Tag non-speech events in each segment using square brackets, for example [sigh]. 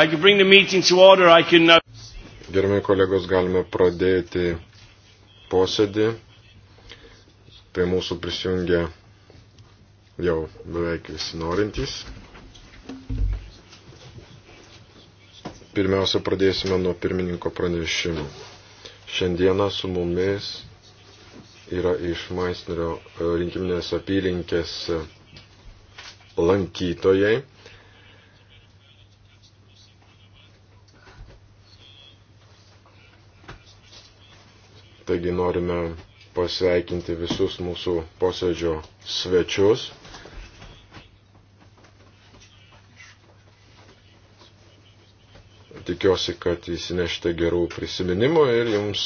Can... Uh, Gerbiami kolegos, galime pradėti posėdį. Prie tai mūsų prisijungia jau beveik visi norintys. Pirmiausia, pradėsime nuo pirmininko pranešimų. Šiandieną su mumis yra iš Maisnerio e, rinkiminės apylinkės e, lankytojai. Taigi norime pasveikinti visus mūsų posėdžio svečius. Tikiuosi, kad įsinešite gerų prisiminimų ir jums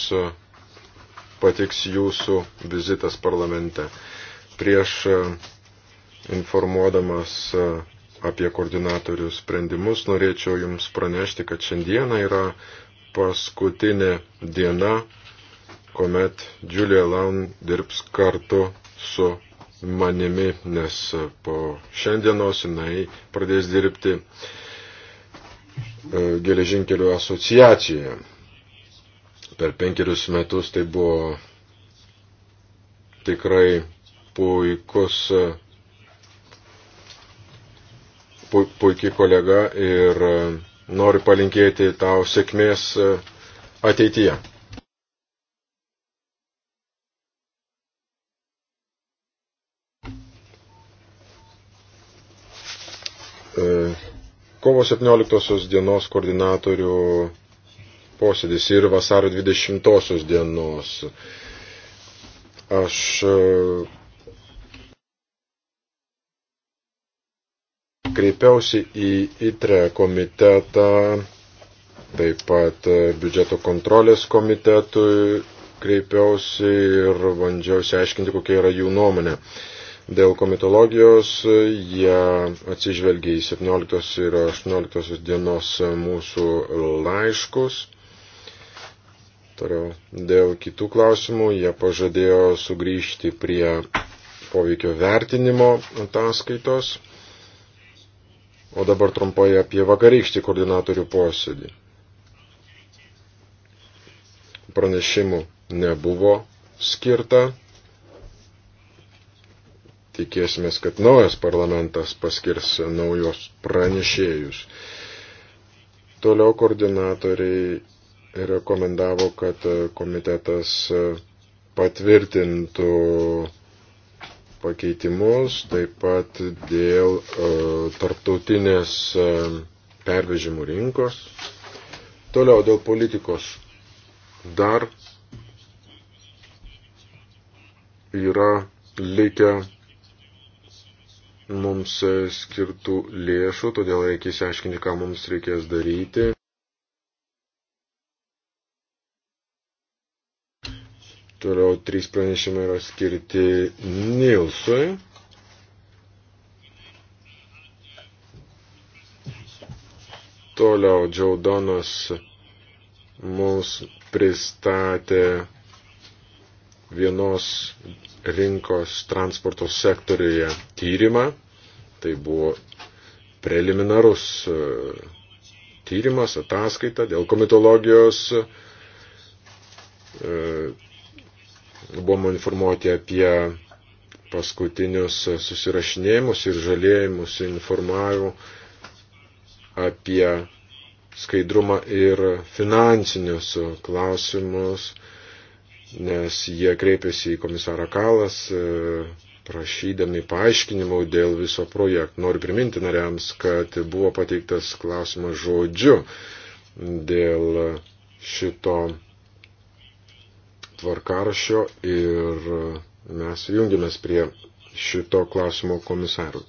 patiks jūsų vizitas parlamente. Prieš informuodamas apie koordinatorių sprendimus, norėčiau Jums pranešti, kad šiandiena yra paskutinė diena kuomet Julia Laun dirbs kartu su manimi, nes po šiandienos jinai pradės dirbti e, geležinkelių asociacijoje. Per penkerius metus tai buvo tikrai puikus, e, pu, puikiai kolega ir e, noriu palinkėti tau sėkmės ateityje. E, kovo 17 dienos koordinatorių posėdis ir vasario 20 dienos. Aš e, kreipiausi į ITRE komitetą, taip pat e, biudžeto kontrolės komitetui kreipiausi ir bandžiau išsiaiškinti, kokia yra jų nuomonė. Uh, Dėl komitologijos jie atsižvelgia į 17 ir 18 dienos mūsų laiškus. Toliau, dėl kitų klausimų jie pažadėjo sugrįžti prie poveikio vertinimo ataskaitos. O dabar trumpai apie vakarykštį koordinatorių posėdį. Pranešimų nebuvo skirta Tikėsimės, kad naujas parlamentas paskirs naujos pranešėjus. Toliau koordinatoriai rekomendavo, kad komitetas patvirtintų pakeitimus, taip pat dėl uh, tarptautinės uh, pervežimų rinkos. Toliau dėl politikos dar yra likę mums skirtų lėšų, todėl reikia įsiaiškinti, ką mums reikės daryti. Toliau trys pranešimai yra skirti Nilsui. Toliau Džaudonas mums pristatė vienos rinkos transporto sektoriuje tyrimą. Tai buvo preliminarus e, tyrimas, ataskaita dėl komitologijos. E, Buvom informuoti apie paskutinius susirašinėjimus ir žalėjimus informavimų apie skaidrumą ir finansinius klausimus nes jie kreipėsi į komisarą Kalas e, prašydami paaiškinimų dėl viso projekto. Noriu priminti nariams, kad buvo pateiktas klausimas žodžiu dėl šito tvarkaršio ir mes jungiamės prie šito klausimo komisarų.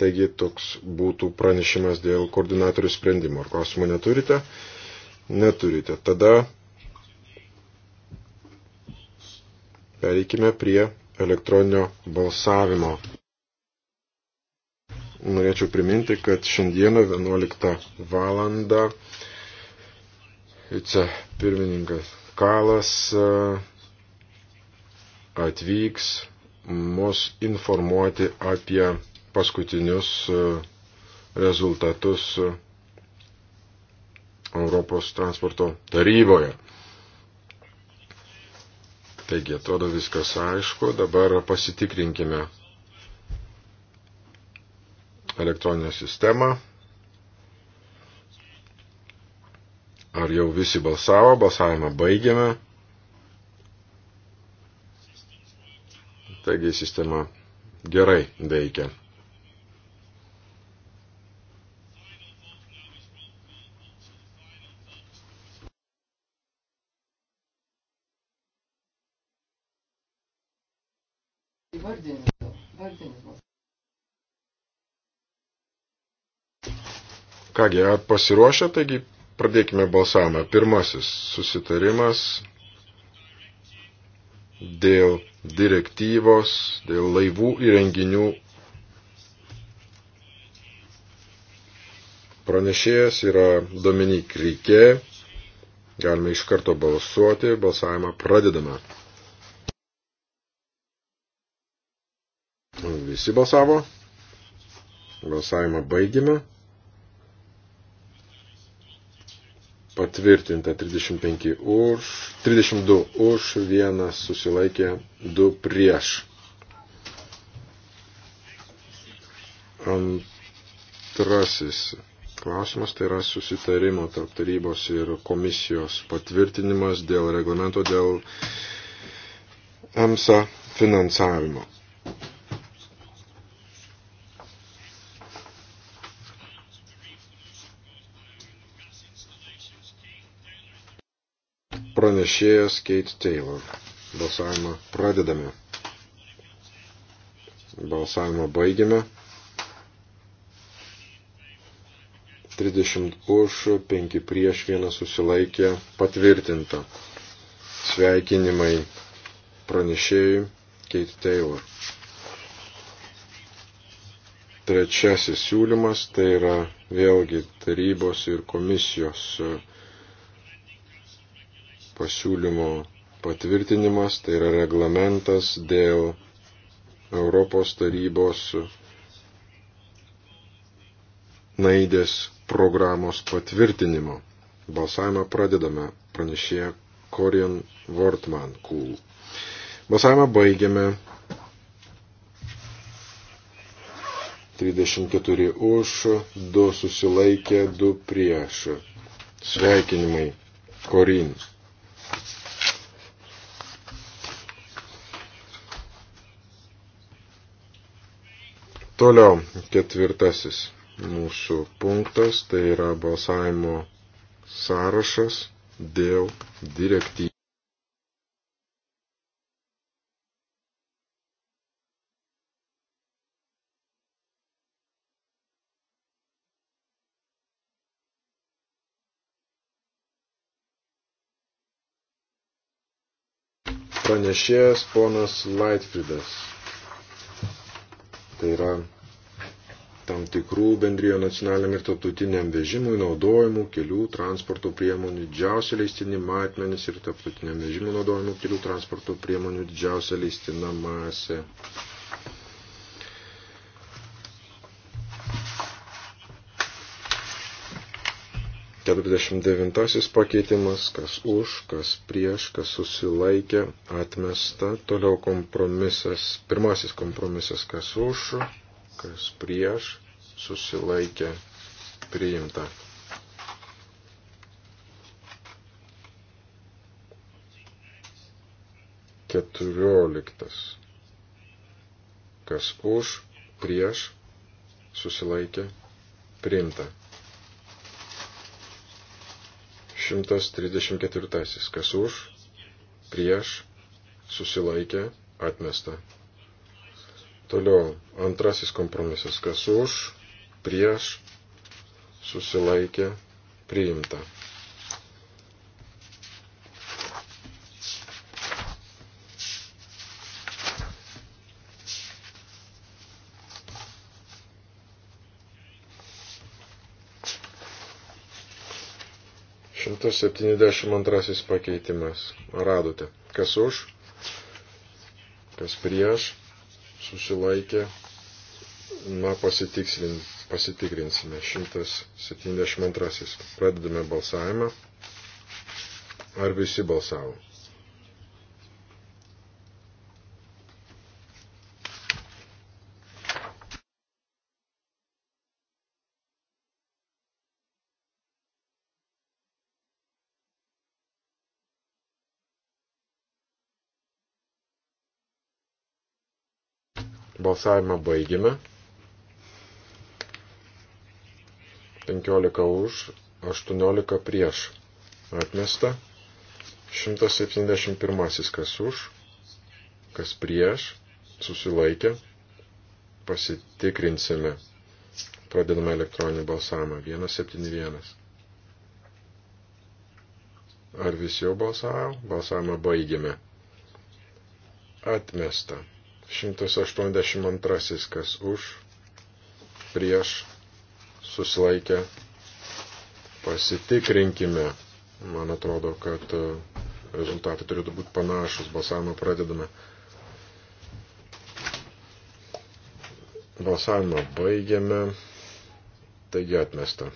Taigi toks būtų pranešimas dėl koordinatorių sprendimo. Ar klausimų neturite? Neturite. Tada Pereikime prie elektroninio balsavimo. Norėčiau priminti, kad šiandieną 11 valandą vicepirmininkas Kalas e, atvyks mus informuoti apie paskutinius e, rezultatus e, Europos transporto taryboje. Taigi, atrodo viskas aišku. Dabar pasitikrinkime elektroninę sistemą. Ar jau visi balsavo, balsavimą baigėme. Taigi sistema gerai veikia. Kągi, ar pasiruošę, taigi pradėkime balsavimą. Pirmasis susitarimas dėl direktyvos, dėl laivų įrenginių. Pranešėjas yra Dominik Rykė. Galime iš karto balsuoti, balsavimą pradedame. Visi balsavo. Balsavimą baigime. patvirtinta 35 už, 32 už, vienas susilaikė, 2 prieš. Antrasis klausimas tai yra susitarimo tarp tarybos ir komisijos patvirtinimas dėl reglamento dėl EMSA finansavimo. pranešėjas Kate Taylor. Balsavimą pradedame. Balsavimą baigiame. 30 už, 5 prieš, 1 susilaikė, patvirtinta. Sveikinimai pranešėjui Kate Taylor. Trečiasis siūlymas tai yra vėlgi tarybos ir komisijos pasiūlymo patvirtinimas, tai yra reglamentas dėl Europos tarybos naidės programos patvirtinimo. Balsavimą pradedame, pranešė Korian Wortman Kūl. Cool. Balsavimą baigiame. 34 už, 2 susilaikė, 2 prieš. Sveikinimai, Korinus. Toliau ketvirtasis mūsų punktas, tai yra balsavimo sąrašas dėl direktyvų. Pranešėjas ponas Laitfridas. Tai yra tam tikrų bendrijo nacionaliniam ir tarptautiniam vežimui naudojimų kelių transporto priemonių didžiausia leistini matmenis ir tarptautiniam vežimui naudojimų kelių transporto priemonių didžiausia leistina masė. 49 pakeitimas, kas už, kas prieš, kas susilaikė, atmesta. Toliau kompromisas, pirmasis kompromisas, kas už, kas prieš, susilaikė, priimta. Keturioliktas. Kas už, prieš, susilaikė, priimta. 134. Kas už, prieš, susilaikė, atmesta. Toliau antrasis kompromisas. Kas už, prieš, susilaikė, priimta. 172 pakeitimas. Radote. Kas už, kas prieš, susilaikė. Na, pasitikrinsime. 172. Pradedame balsavimą. Ar visi balsavo? Balsavimą baigime. 15 už, 18 prieš. Atmesta. 171 kas už, kas prieš, susilaikė. Pasitikrinsime. Pradedame elektroninį balsavimą. 171. Ar visi jau balsavo? Balsavimą baigėme. Atmesta. 182 kas už, prieš, susilaikę, pasitikrinkime. Man atrodo, kad e, rezultatai turėtų būti panašus. Balsavimą pradedame. Balsavimą baigiame. Taigi atmesta.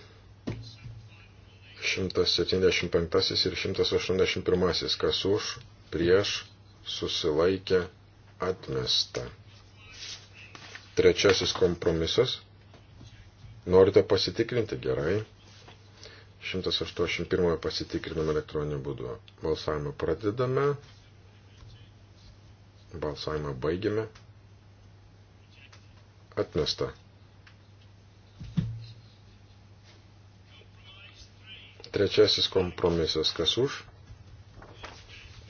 175 ir 181 kas už, prieš, susilaikę, atmesta. Trečiasis kompromisas. Norite pasitikrinti gerai. 181 pasitikriname elektroniniu būdu. Balsavimą pradedame. Balsavimą baigiame. Atmesta. Trečiasis kompromisas. Kas už?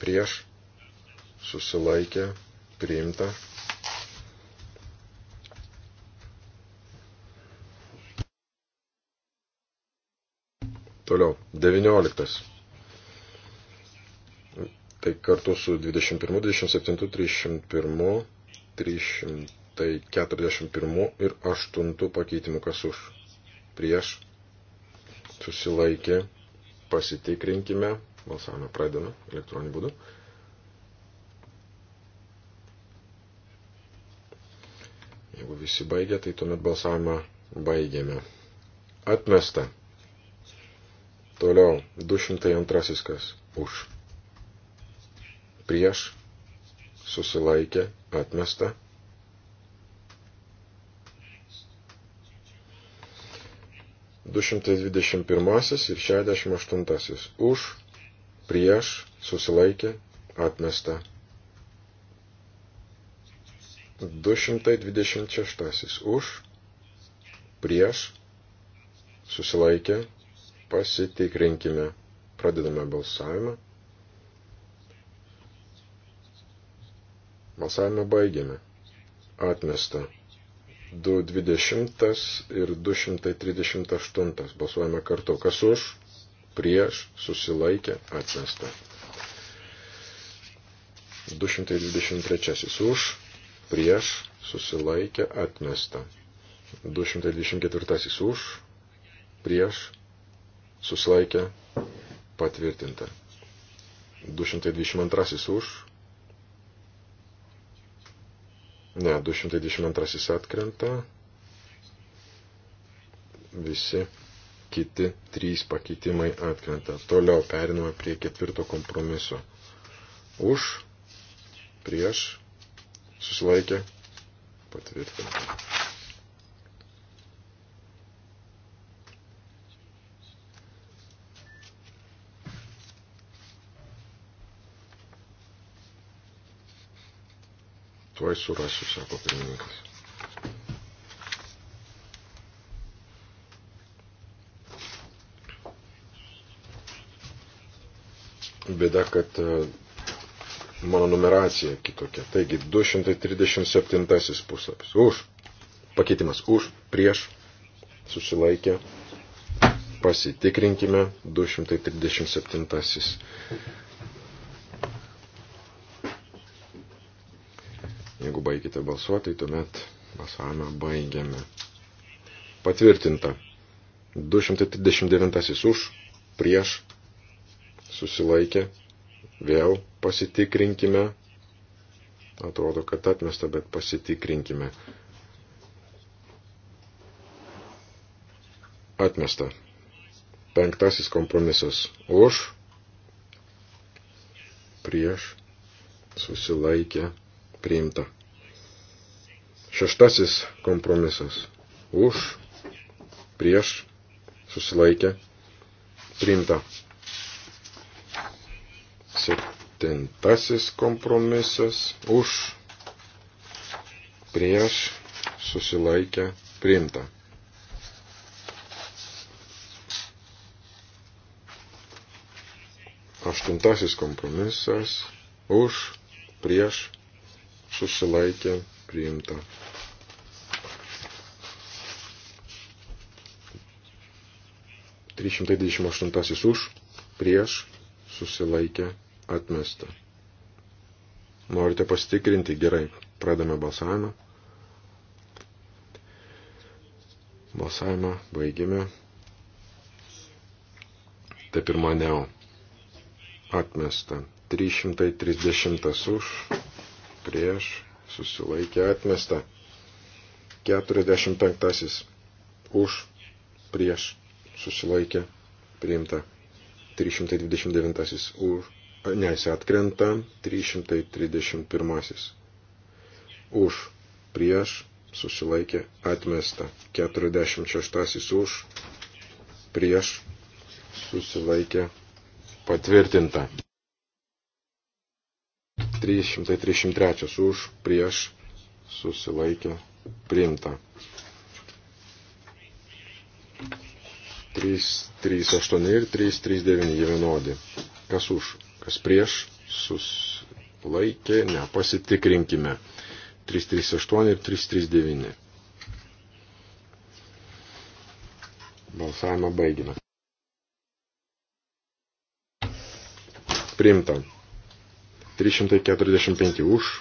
Prieš. Susilaikė priimta. Toliau, 19. Tai kartu su 21, 27, 301, 341 ir 8 pakeitimu, kas už prieš susilaikė, pasitikrinkime, balsavimą pradedame elektroniniu būdu. Jeigu visi baigė, tai tuomet balsavimą baigėme. Atmesta. Toliau 202 kas už. Prieš susilaikė atmesta. Du šimtai dvidešimt pirmasis ir šešiasdešimt aštuntasis už, prieš, susilaikė, atmesta. 226 už, prieš, susilaikė, pasitikrinkime, pradedame balsavimą. Balsavimą baigėme. Atmesta. 220 ir 238. Balsuojame kartu. Kas už, prieš, susilaikė, atmesta. 223 už, prieš susilaikė atmesta. 224 už, prieš susilaikė patvirtinta. 222 už, ne, 222 atkrenta, visi kiti trys pakeitimai atkrenta. Toliau periname prie ketvirto kompromiso. Už, prieš, susilaikė, patvirtinta. Tuoj surasiu, sako pirmininkas. Bėda, kad mano numeracija kitokia. Taigi 237 puslapis. Už. Pakeitimas už, prieš, susilaikė. Pasitikrinkime 237. Jeigu baigite balsuoti, tuomet balsavimą baigiame. Patvirtinta. 239 už, prieš, susilaikė Vėl pasitikrinkime. Atrodo, kad atmesta, bet pasitikrinkime. Atmesta. Penktasis kompromisas. Už. Prieš. Susilaikė. Priimta. Šeštasis kompromisas. Už. Prieš. Susilaikė. Priimta. Septintasis kompromisas už prieš susilaikę priimta. Aštuntasis kompromisas už prieš susilaikę priimta. Trišimtai dvidešimt aštuntasis už prieš susilaikę priimta atmesta. Norite pasitikrinti? Gerai. Pradame balsavimą. Balsavimą baigėme. Tai pirmaniau. Atmesta. 330 už. Prieš. Susilaikė atmesta. 45 už. Prieš. Susilaikė. Priimta. 329 už Nes atkrenta 331. Už, prieš, susilaikė, atmesta. 46. Už, prieš, susilaikė, patvirtinta. 333. Už, prieš, susilaikė, priimta. 338 ir 339 vienodi. Kas už? kas prieš, susilaikė, nepasitikrinkime. 338 ir 339. Balsavimą baigime. Primta. 345 už,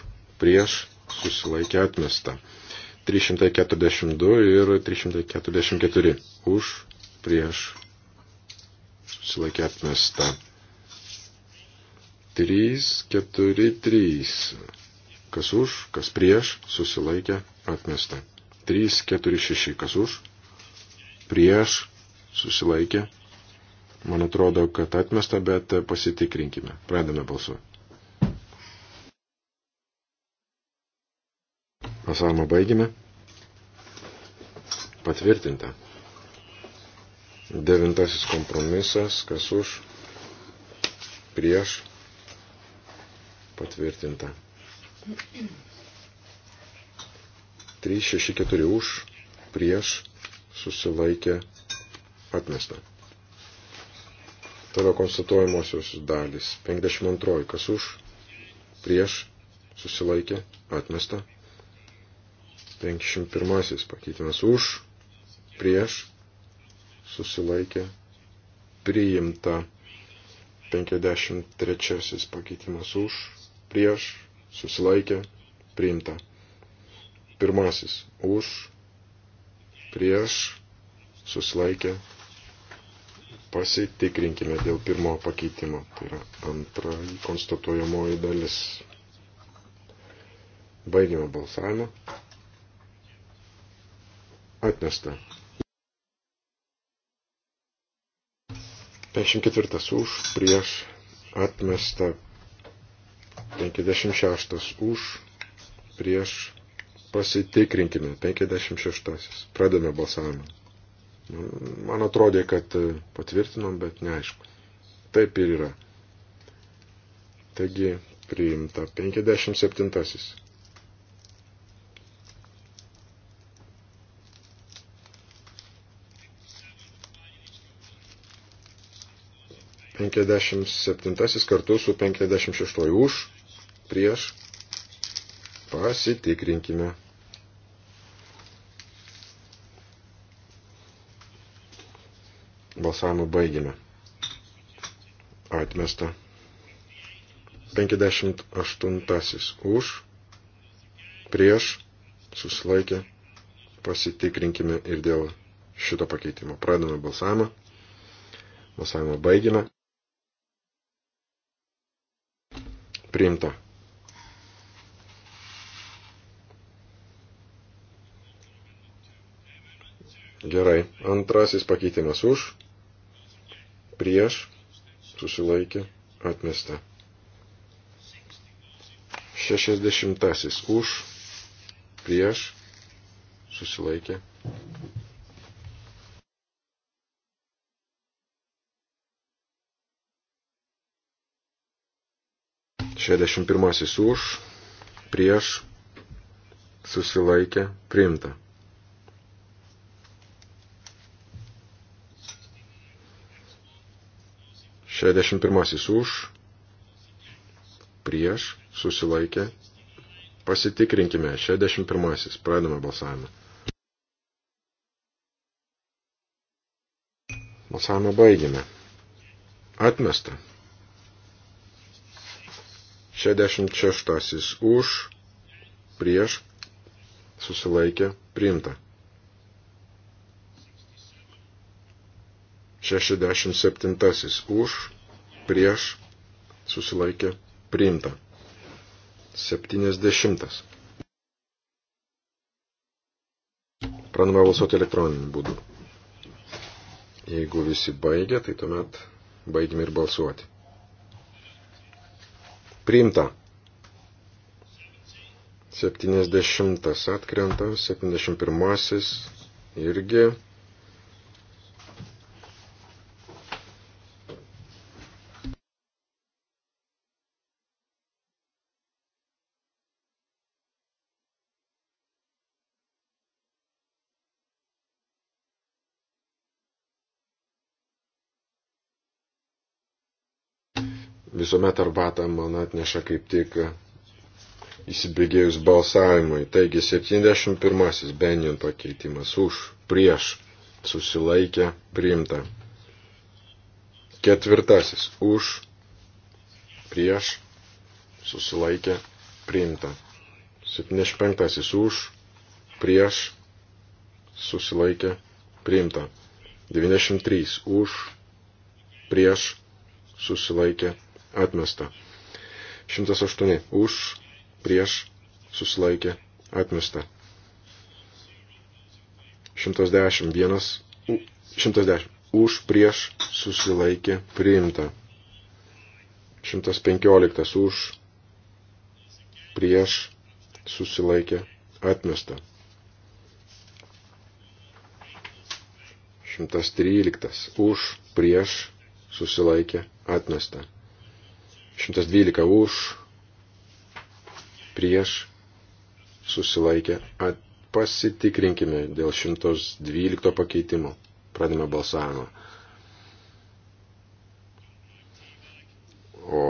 prieš, susilaikė atmesta. 342 ir 344 už, prieš, susilaikė atmesta. 3, 4, 3. Kas už, kas prieš, susilaikė, atmesta. 3, 4, 6. Kas už, prieš, susilaikė. Man atrodo, kad atmesta, bet pasitikrinkime. Pradame balsuoti. Balsavimą baigime. Patvirtinta. Devintasis kompromisas, kas už, prieš, Patvirtinta. 3, 6, 4 už, prieš, susilaikė, atmesta. Toliau konstatuojamosios dalys. 52, kas už, prieš, susilaikė, atmesta. 51 pakeitimas už, prieš, susilaikė, priimta. 53 pakeitimas už, prieš, susilaikė, priimta. Pirmasis, už, prieš, susilaikė, pasitikrinkime dėl pirmo pakeitimo. Tai yra antroji konstatuojamoji dalis. Baigime balsavimą. Atmesta. 54 už, prieš, atmesta 56 už, prieš, pasitikrinkime, 56. Pradame balsavimą. Nu, man atrodė, kad e, patvirtinom, bet neaišku. Taip ir yra. Taigi, priimta 57. Penkiasdešimt septintasis kartu su penkiasdešimt šeštuoju už, prieš, pasitikrinkime. Balsavimą baigime. Atmesta. 58 už, prieš, susilaikė, pasitikrinkime ir dėl šito pakeitimo. Pradame balsavimą. Balsavimą baigime. Priimta. Gerai. Antrasis pakeitimas už, prieš, susilaikė, atmesta. Šešiasdešimtasis už, prieš, susilaikė. Šešiasdešimt pirmasis už, prieš, susilaikė, priimta. 61 už, prieš, susilaikė. Pasitikrinkime, 61. Pradame balsavimą. Balsavimą baigėme. Atmesta. 66 už, prieš, susilaikė, priimta. 67 už, prieš, susilaikė, priimta. 70. Pranome balsuoti elektroniniu būdu. Jeigu visi baigia, tai tuomet baigime ir balsuoti. Priimta. 70 atkrenta, 71 irgi visuomet arbatą man atneša kaip tik įsibėgėjus balsavimui. Taigi 71 Benjon pakeitimas už, prieš, susilaikė, priimta. Ketvirtasis už, prieš, susilaikė, priimta. 75 už, prieš, susilaikė, priimta. 93 už, prieš, susilaikė, atmesta. 108 už, prieš, susilaikė, atmesta. 110, 1, 110 už, prieš, susilaikė, priimta. 115 už, prieš, susilaikė, atmesta. 113 už, prieš, susilaikė, atmesta. 112 už, prieš, susilaikė. At, pasitikrinkime dėl 112 pakeitimo. Pradėme balsavimą. O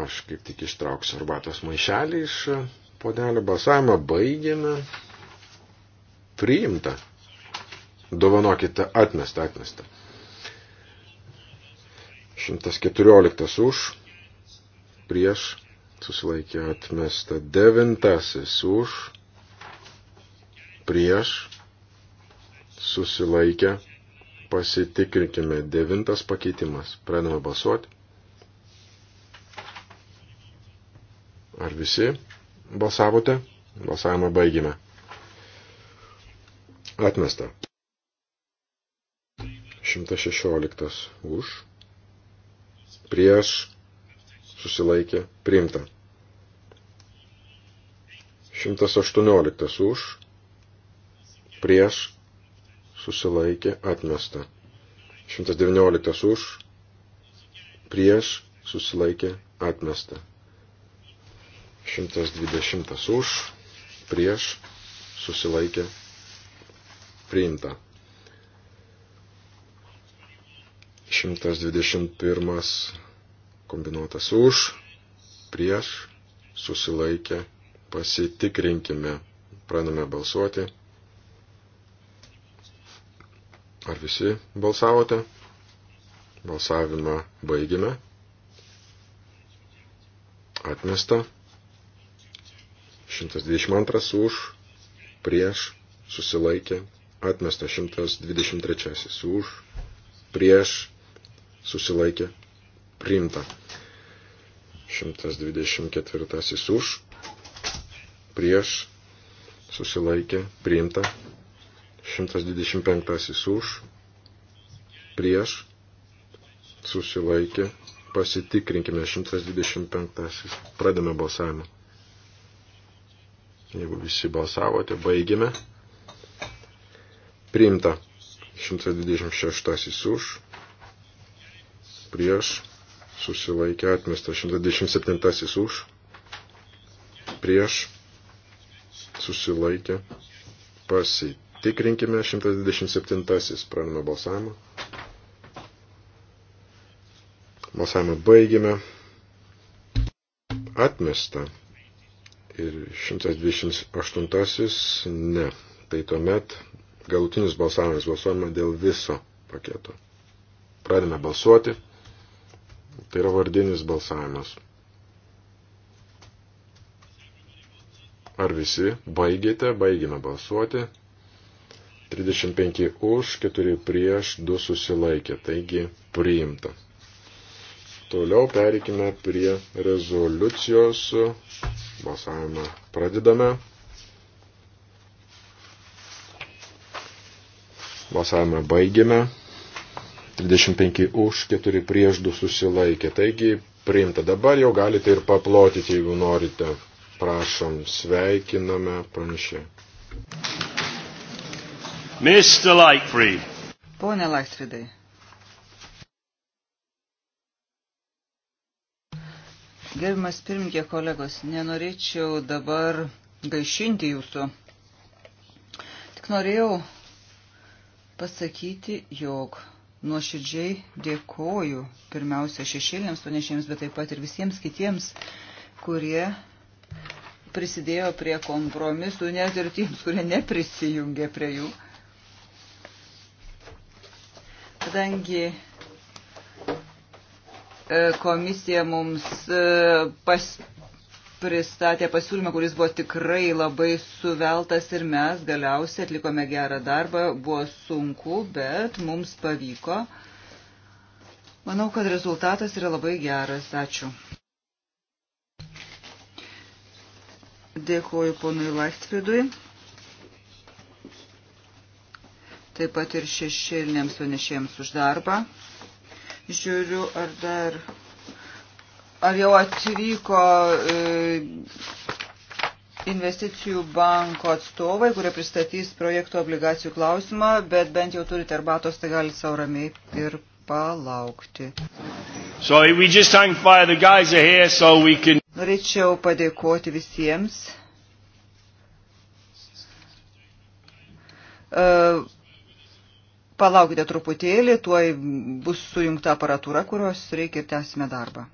aš kaip tik ištrauksiu arbatos maišelį iš podelio balsavimą. Baigėme. Priimta. Dovanokite, atmesta, atmesta. 114 už prieš, susilaikė atmesta. Devintasis už, prieš, susilaikė. Pasitikrinkime. Devintas pakeitimas. Pradame balsuoti. Ar visi balsavote? Balsavimą baigime. Atmesta. 116 už. Prieš susilaikė priimta. 118 už, prieš, susilaikė atmesta. 119 už, prieš, susilaikė atmesta. 120 už, prieš, susilaikė priimta. 121 kombinuotas už, prieš, susilaikė, pasitikrinkime, praname balsuoti. Ar visi balsavote? Balsavimą baigime. Atmesta. 122 už, prieš, susilaikė, atmesta 123 už, prieš, susilaikė, priimta. 124 už, prieš, susilaikė, priimta. 125 už, prieš, susilaikė, pasitikrinkime 125. Pradame balsavimą. Jeigu visi balsavote, baigėme. Priimta 126 už, prieš, susilaikė atmesta 127 už, prieš susilaikė pasitikrinkime 127 pradame balsavimą. Balsavimą baigime. Atmesta. Ir 128 ne. Tai tuomet galutinis balsavimas balsuojama dėl viso paketo. Pradėme balsuoti. Tai yra vardinis balsavimas. Ar visi baigėte, baigime balsuoti. 35 už, 4 prieš, 2 susilaikė, taigi priimta. Toliau pereikime prie rezoliucijos. Balsavimą pradedame. Balsavimą baigėme. 35 už, 4 prieš 2 susilaikė. Taigi priimta. Dabar jau galite ir paplotyti, jeigu norite. Prašom, sveikiname pranešė. Mr. Lightfried. Pone Lightfriedai. Gerbimas pirmininkė kolegos, nenorėčiau dabar gaišinti jūsų. Tik norėjau pasakyti, jog nuoširdžiai dėkoju pirmiausia šešėlėms panešėjams, bet taip pat ir visiems kitiems, kurie prisidėjo prie kompromisų, net ir tiems, kurie neprisijungė prie jų. Kadangi e, komisija mums e, pas, pristatė pasiūlymą, kuris buvo tikrai labai suveltas ir mes galiausiai atlikome gerą darbą. Buvo sunku, bet mums pavyko. Manau, kad rezultatas yra labai geras. Ačiū. Dėkuoju ponui Laistvidui. Taip pat ir šešėliniams pranešėjams už darbą. Žiūriu, ar dar Ar jau atvyko e, investicijų banko atstovai, kurie pristatys projektų obligacijų klausimą, bet bent jau turite arbatos, tai galite savo ramiai ir palaukti. So here, so can... Norėčiau padėkoti visiems. Uh, palaukite truputėlį, tuoj bus sujungta aparatūra, kurios reikia ir tęsime darbą.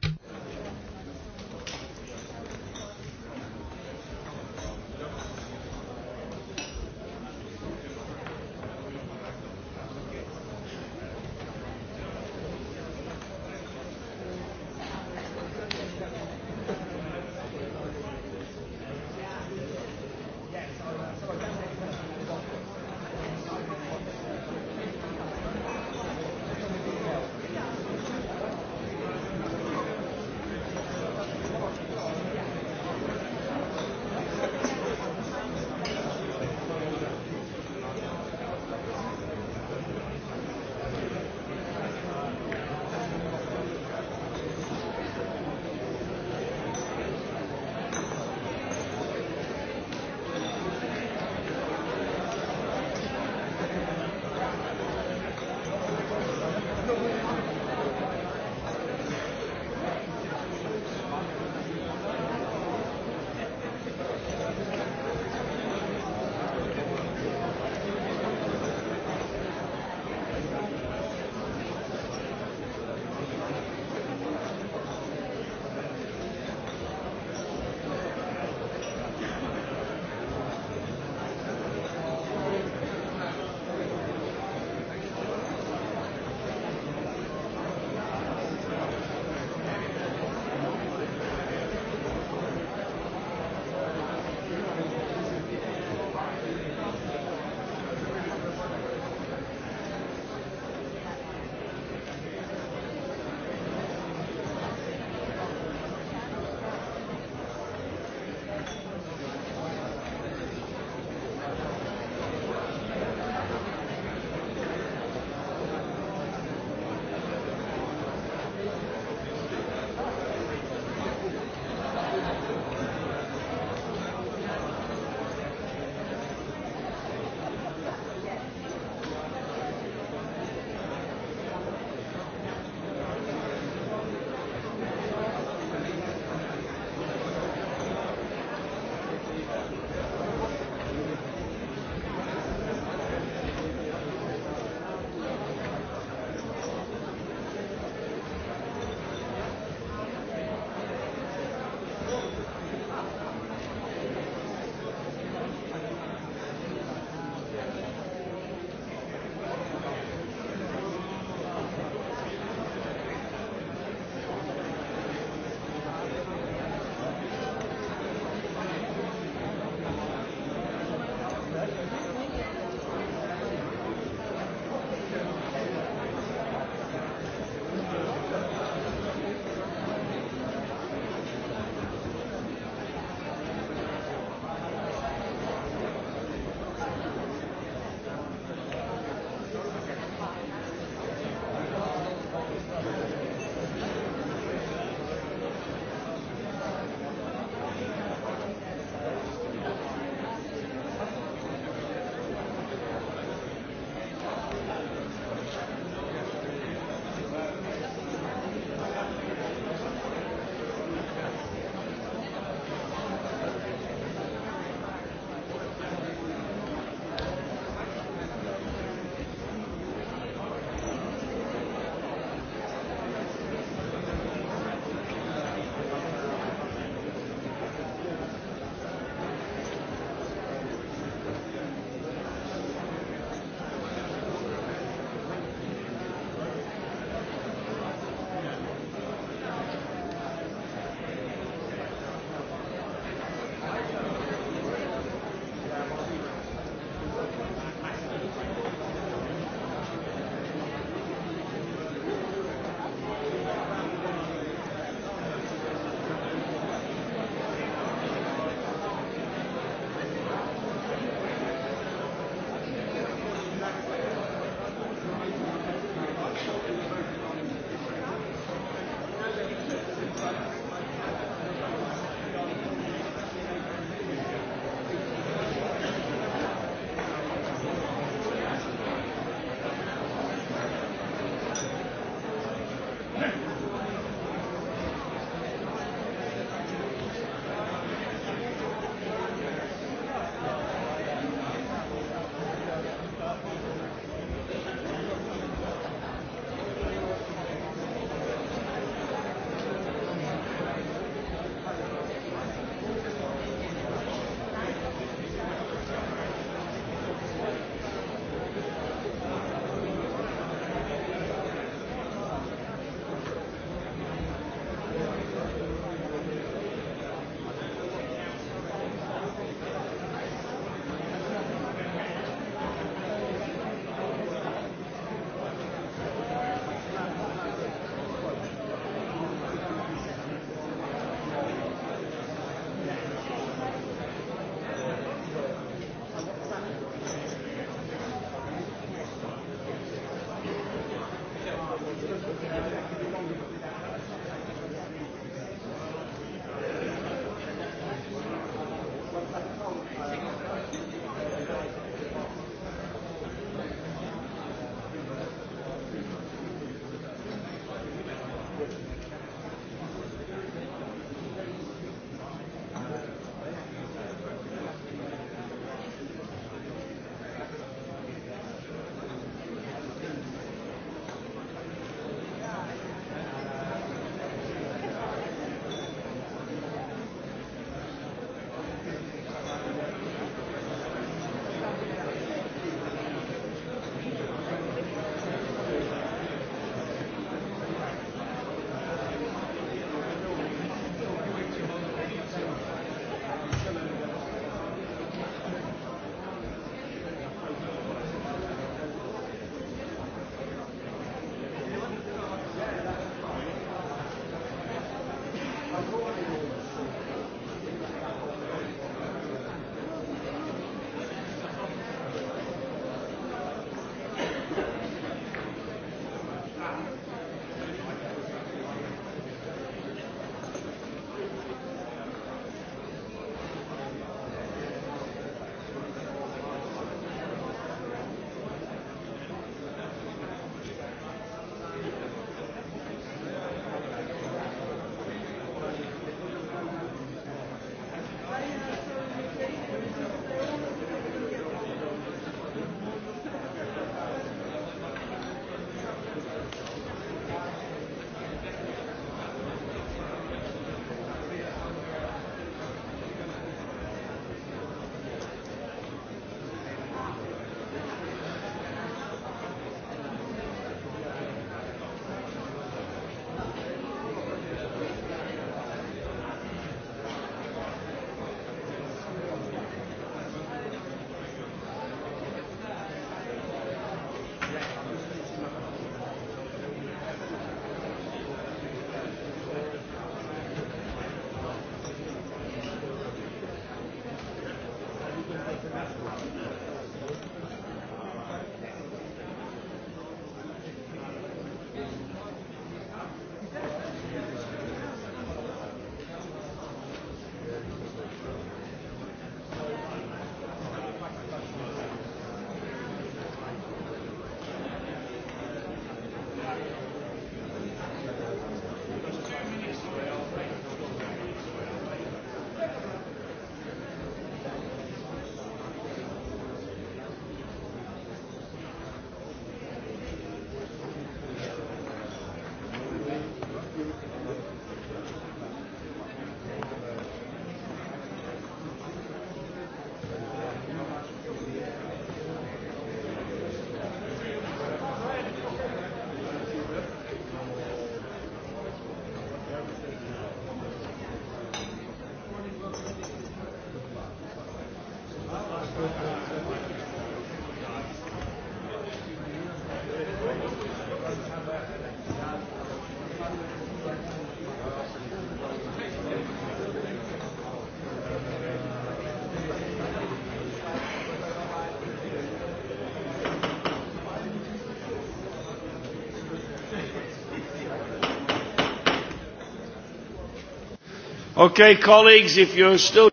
Okay, colleagues, if you're still...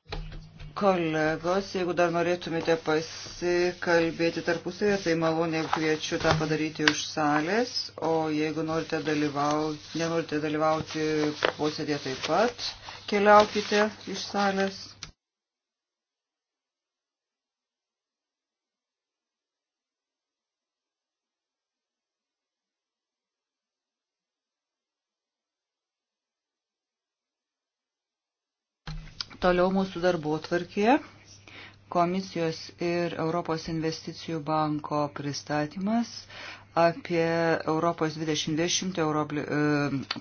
Kolegos, jeigu dar norėtumėte pasikalbėti tarpusavėje, tai maloniai kviečiu tą padaryti už salės, o jeigu norite dalyvauti, nenorite dalyvauti posėdėje taip pat, keliaukite iš salės. Toliau mūsų darbo tvarkėje komisijos ir Europos investicijų banko pristatymas apie Europos 2020 euro, e,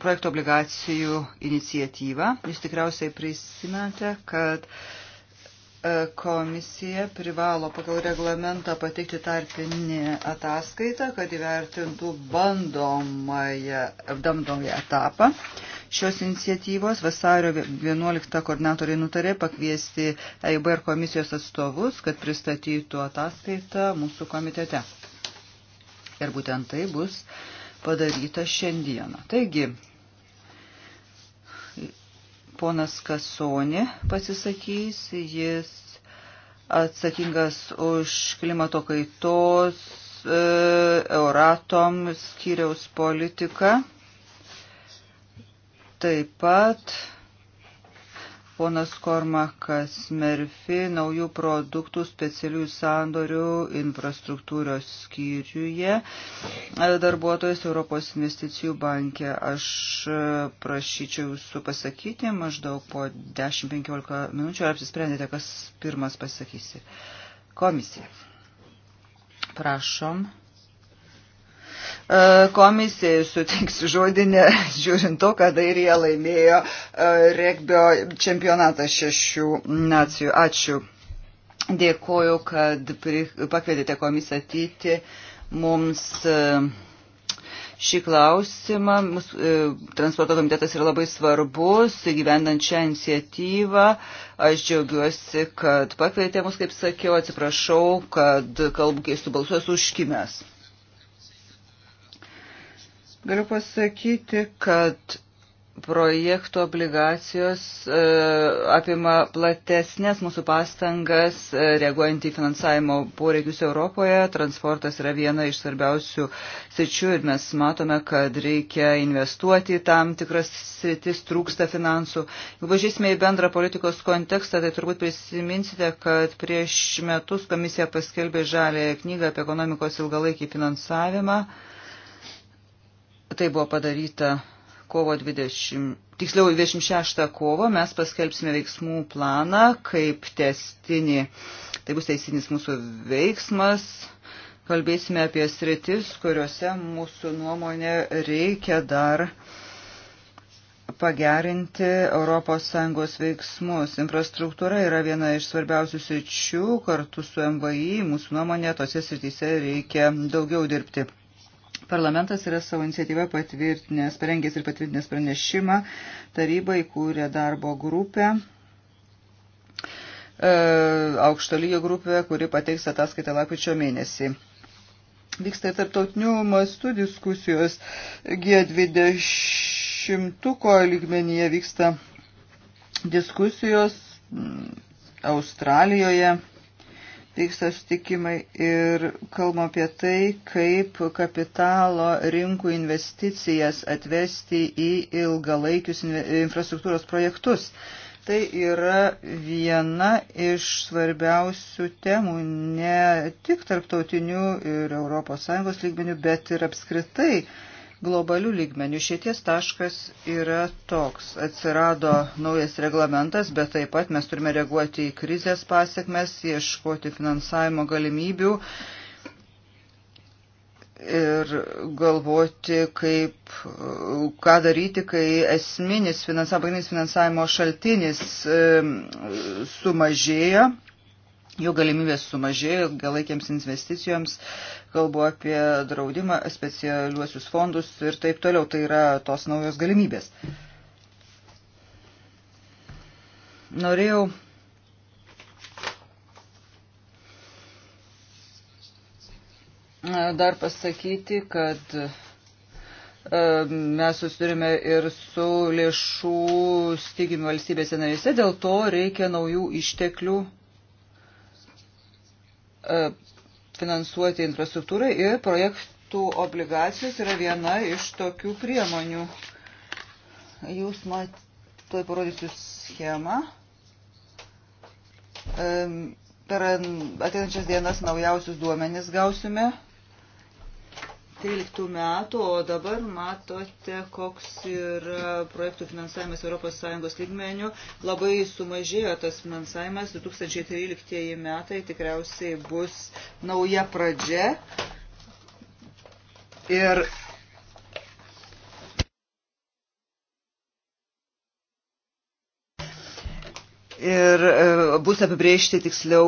projektų obligacijų iniciatyvą. Jūs tikriausiai prisimenate, kad e, komisija privalo pagal reglamentą pateikti tarpinį ataskaitą, kad įvertintų bandomąją, bandomąją etapą šios iniciatyvos. Vasario 11 koordinatoriai nutarė pakviesti EIB ir komisijos atstovus, kad pristatytų ataskaitą mūsų komitete. Ir būtent tai bus padaryta šiandieną. Taigi, ponas Kasoni pasisakys, jis atsakingas už klimato kaitos e, Euratom skyriaus politiką. Taip pat ponas Kormakas Merfi naujų produktų specialių sandorių infrastruktūros skyriuje e, darbuotojas Europos investicijų bankė. Aš e, prašyčiau jūsų pasakyti maždaug po 10-15 minučių ar apsisprendėte, kas pirmas pasakysi. Komisija. Prašom. E, komisijai suteiksiu žodinę, [laughs] žiūrint to, kad Airija laimėjo e, regbio čempionatą šešių nacijų. Ačiū. Dėkoju, kad pakvietėte komisiją atyti mums e, šį klausimą. Mūsų transporto komitetas yra labai svarbus, gyvendant šią iniciatyvą. Aš džiaugiuosi, kad pakvietė mus, kaip sakiau, atsiprašau, kad kalbu keistų balsu, esu užkimęs. Galiu pasakyti, kad projektų obligacijos e, apima platesnės mūsų pastangas, e, reaguojant į finansavimo poreikius Europoje. Transportas yra viena iš svarbiausių sričių ir mes matome, kad reikia investuoti į tam tikras sritis, trūksta finansų. Jeigu važiuosime į bendrą politikos kontekstą, tai turbūt prisiminsite, kad prieš metus komisija paskelbė žalę knygą apie ekonomikos ilgalaikį finansavimą. Tai buvo padaryta kovo 20, tiksliau 26 kovo mes paskelbsime veiksmų planą kaip testinį, tai bus teistinis mūsų veiksmas, kalbėsime apie sritis, kuriuose mūsų nuomonė reikia dar pagerinti ES veiksmus. Infrastruktūra yra viena iš svarbiausių sričių, kartu su MVI mūsų nuomonė tose srityse reikia daugiau dirbti. Parlamentas yra savo iniciatyvą patvirtinęs, parengęs ir patvirtinęs pranešimą, taryba įkūrė darbo grupę e, aukšto lygio grupė, kuri pateiks ataskaitą lapkričio mėnesį. Vyksta ir tarptautinių mastų diskusijos. G20 lygmenyje vyksta diskusijos Australijoje vyksta sutikimai ir kalbam apie tai, kaip kapitalo rinkų investicijas atvesti į ilgalaikius infrastruktūros projektus. Tai yra viena iš svarbiausių temų ne tik tarptautinių ir ES lygmenių, bet ir apskritai globalių lygmenių. Šieties taškas yra toks. Atsirado naujas reglamentas, bet taip pat mes turime reaguoti į krizės pasiekmes, ieškoti finansavimo galimybių ir galvoti, kaip, ką daryti, kai esminis finansavimo, pagrindinis finansavimo šaltinis sumažėja jų galimybės sumažėjo galaikiams investicijoms, kalbu apie draudimą, specialiuosius fondus ir taip toliau. Tai yra tos naujos galimybės. Norėjau dar pasakyti, kad e, mes susidurime ir su lėšų stygimi valstybėse narėse, dėl to reikia naujų išteklių E, finansuoti infrastruktūrą ir projektų obligacijos yra viena iš tokių priemonių. Jūs mat, tuoj parodysiu schemą. Per ateinančias dienas naujausius duomenis gausime 13 metų, o dabar matote, koks yra projektų finansavimas ES lygmenių. Labai sumažėjo tas finansavimas. 2013 metai tikriausiai bus nauja pradžia. Ir Ir e, bus apibriežti tiksliau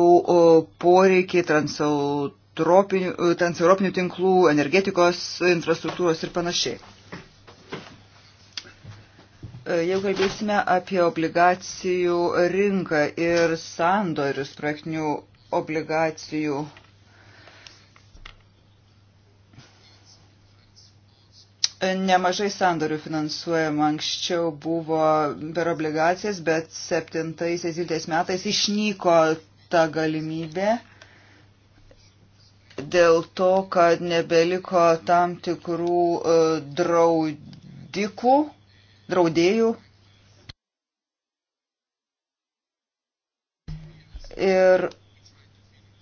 poreikiai transautų E, transeuropinių tinklų, energetikos e, infrastruktūros ir panašiai. E, Jau kalbėsime apie obligacijų rinką ir sandorius praktinių obligacijų. Nemažai sandorių finansuojama anksčiau buvo per obligacijas, bet 7-12 metais išnyko ta galimybė dėl to, kad nebeliko tam tikrų e, draudikų, draudėjų. Ir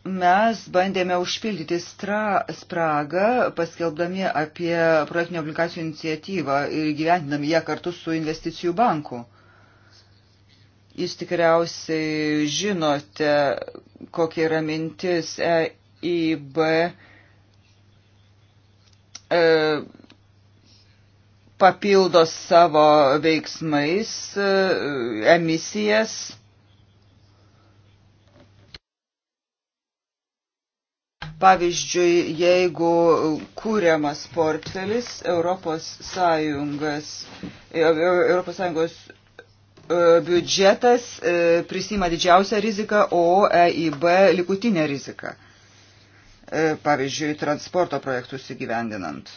mes bandėme užpildyti stra, spragą, paskelbdami apie projektinio aplikacijų iniciatyvą ir gyventinami ją kartu su investicijų banku. Jūs tikriausiai žinote, kokia yra mintis e EIB e, papildo savo veiksmais e, emisijas. Pavyzdžiui, jeigu kūriamas portfelis Europos, Sąjungas, e, Europos Sąjungos biudžetas prisima didžiausią riziką, o EIB likutinę riziką. E, pavyzdžiui, transporto projektus įgyvendinant.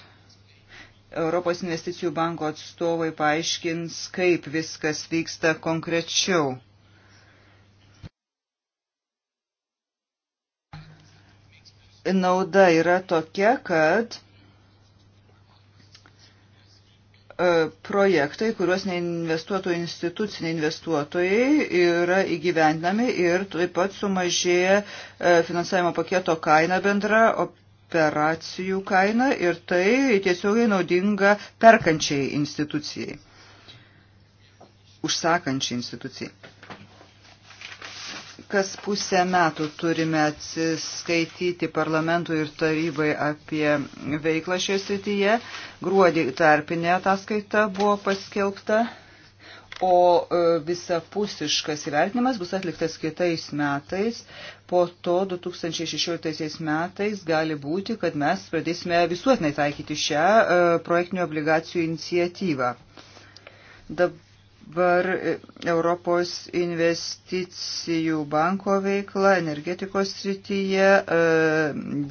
Europos investicijų banko atstovai paaiškins, kaip viskas vyksta konkrečiau. Nauda yra tokia, kad E, projektai, kuriuos neinvestuotojai instituciniai investuotojai yra įgyvendinami ir taip pat sumažėja e, finansavimo paketo kaina bendra, operacijų kaina ir tai tiesiogiai naudinga perkančiai institucijai, užsakančiai institucijai kas pusę metų turime atsiskaityti parlamentui ir tarybai apie veiklą šioje srityje. Gruodį tarpinė ataskaita buvo paskelbta, o e, visapusiškas įvertinimas bus atliktas kitais metais. Po to 2016 metais gali būti, kad mes pradėsime visuotinai taikyti šią e, projektinių obligacijų iniciatyvą. Dabar dabar e, Europos investicijų banko veikla energetikos srityje, e,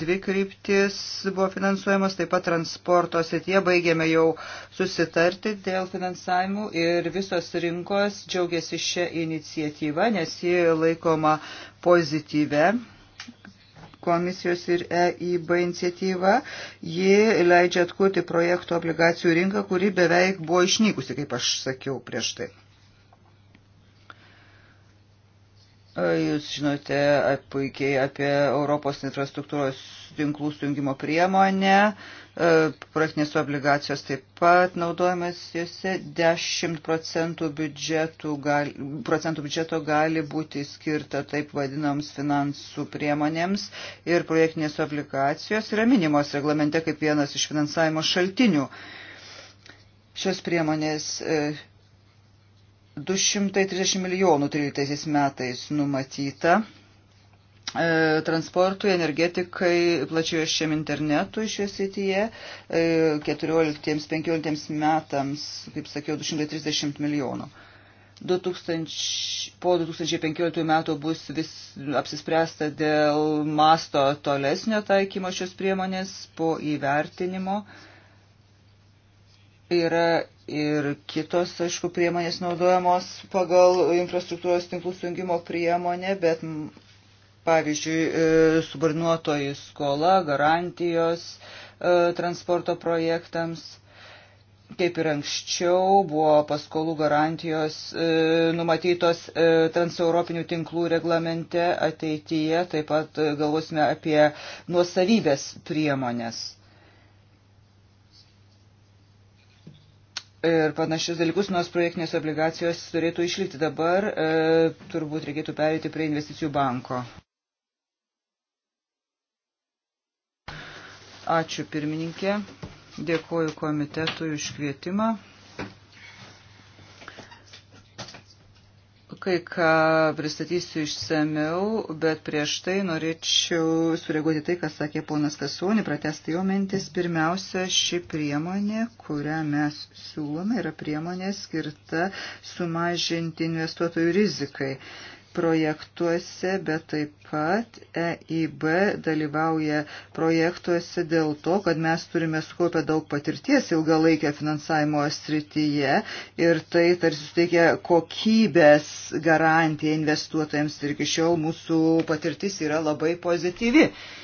dvi kryptis buvo finansuojamos, taip pat transporto srityje baigėme jau susitarti dėl finansavimų ir visos rinkos džiaugiasi šią iniciatyvą, nes ji laikoma pozityvę komisijos ir EIB iniciatyva. Ji leidžia atkurti projektų obligacijų rinką, kuri beveik buvo išnykusi, kaip aš sakiau prieš tai. Jūs žinote puikiai apie Europos infrastruktūros tinklų sujungimo priemonę. E, projektinės obligacijos taip pat naudojamas jose. 10 procentų, gali, procentų biudžeto gali būti skirta taip vadinams finansų priemonėms ir projektinės obligacijos yra minimos reglamente kaip vienas iš finansavimo šaltinių. Šios priemonės e, 230 milijonų 13 metais numatyta e, transportui, energetikai, plačiojo šiam internetui šioje srityje, 14-15 e, metams, kaip sakiau, 230 milijonų. 2000, po 2015 metų bus vis apsispręsta dėl masto tolesnio taikymo šios priemonės po įvertinimo. Yra ir kitos, aišku, priemonės naudojamos pagal infrastruktūros tinklų sujungimo priemonę, bet, pavyzdžiui, e, subordinuotoji skola, garantijos e, transporto projektams. Kaip ir anksčiau buvo paskolų garantijos e, numatytos e, transeuropinių tinklų reglamente ateityje, taip pat e, galvosime apie nuosavybės priemonės. E, ir panašius dalykus, nors projektinės obligacijos turėtų išlikti. Dabar e, turbūt reikėtų perėti prie investicijų banko. Ačiū pirmininkė. Dėkuoju komitetui už kvietimą. kai ką pristatysiu išsameu, bet prieš tai norėčiau sureaguoti tai, ką sakė ponas Kasonį, pratesti jo mintis. Pirmiausia, ši priemonė, kurią mes siūlome, yra priemonė skirta sumažinti investuotojų rizikai projektuose, bet taip pat EIB dalyvauja projektuose dėl to, kad mes turime skopę daug patirties ilgalaikę finansavimo srityje ir tai tarsi suteikia kokybės garantiją investuotojams ir iki šiol mūsų patirtis yra labai pozityvi. Uh,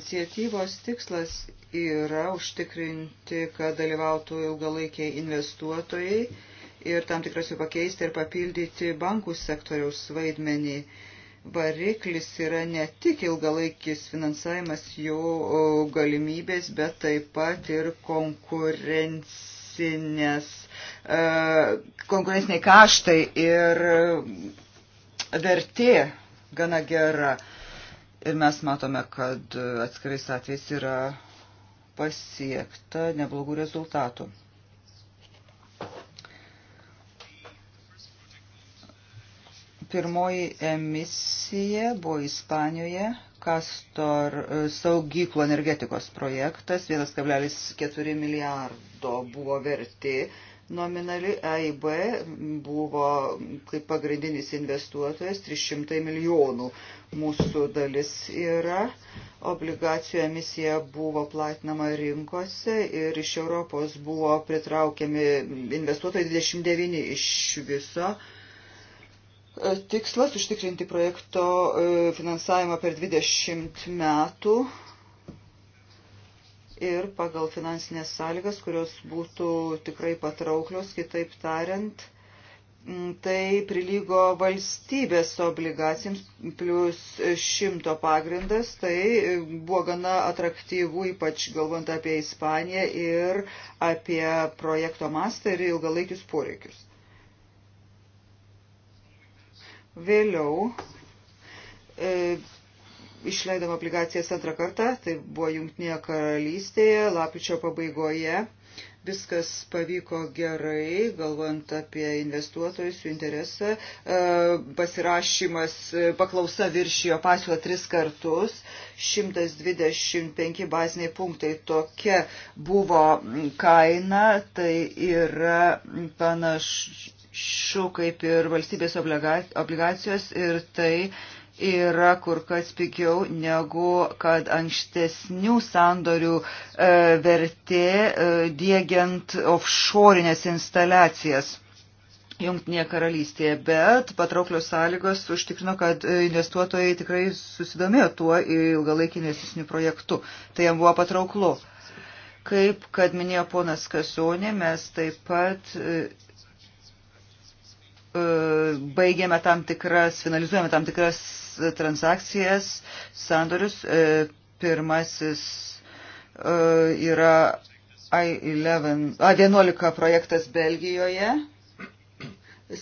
Iniciatyvos tikslas yra užtikrinti, kad dalyvautų ilgalaikiai investuotojai ir tam tikras jų pakeisti ir papildyti bankų sektoriaus vaidmenį. Variklis yra ne tik ilgalaikis finansavimas jo galimybės, bet taip pat ir konkurencinės, e, konkurenciniai kaštai ir vertė gana gera. Ir mes matome, kad atskirais atvejais yra pasiekta neblogų rezultatų. Pirmoji emisija buvo Ispanijoje, Kastor e, saugyklo energetikos projektas, 1,4 milijardo buvo verti Nominali AIB buvo kaip pagrindinis investuotojas 300 milijonų mūsų dalis yra. Obligacijų emisija buvo platinama rinkose ir iš Europos buvo pritraukiami investuotojai 29 iš viso. Tikslas užtikrinti projekto e, finansavimą per 20 metų ir pagal finansinės sąlygas, kurios būtų tikrai patrauklios, kitaip tariant, tai prilygo valstybės obligacijams plus šimto pagrindas, tai buvo gana atraktyvų, ypač galvant apie Ispaniją ir apie projekto mastą ir ilgalaikius poreikius. Vėliau e, išleidom obligacijas antrą kartą, tai buvo Junktinėje karalystėje, lapkričio pabaigoje. Viskas pavyko gerai, galvojant apie investuotojus, jų interesą. E, pasirašymas e, paklausa viršijo pasiūlą tris kartus, 125 baziniai punktai tokia buvo kaina, tai yra panašu kaip ir valstybės obligacijos ir tai uh, yra kur kas pigiau negu kad ankstesnių sandorių e, vertė e, dėgiant offshore'inės instaliacijas. Jungtinėje karalystėje, bet patrauklios sąlygos užtikrino, kad e, investuotojai tikrai susidomėjo tuo ilgalaikį investicinių projektų. Tai jam buvo patrauklu. Kaip, kad minėjo ponas Kasonė, mes taip pat e, e, baigėme tam tikras, finalizuojame tam tikras transakcijas, sandorius. E, pirmasis e, yra I11, A11 projektas Belgijoje.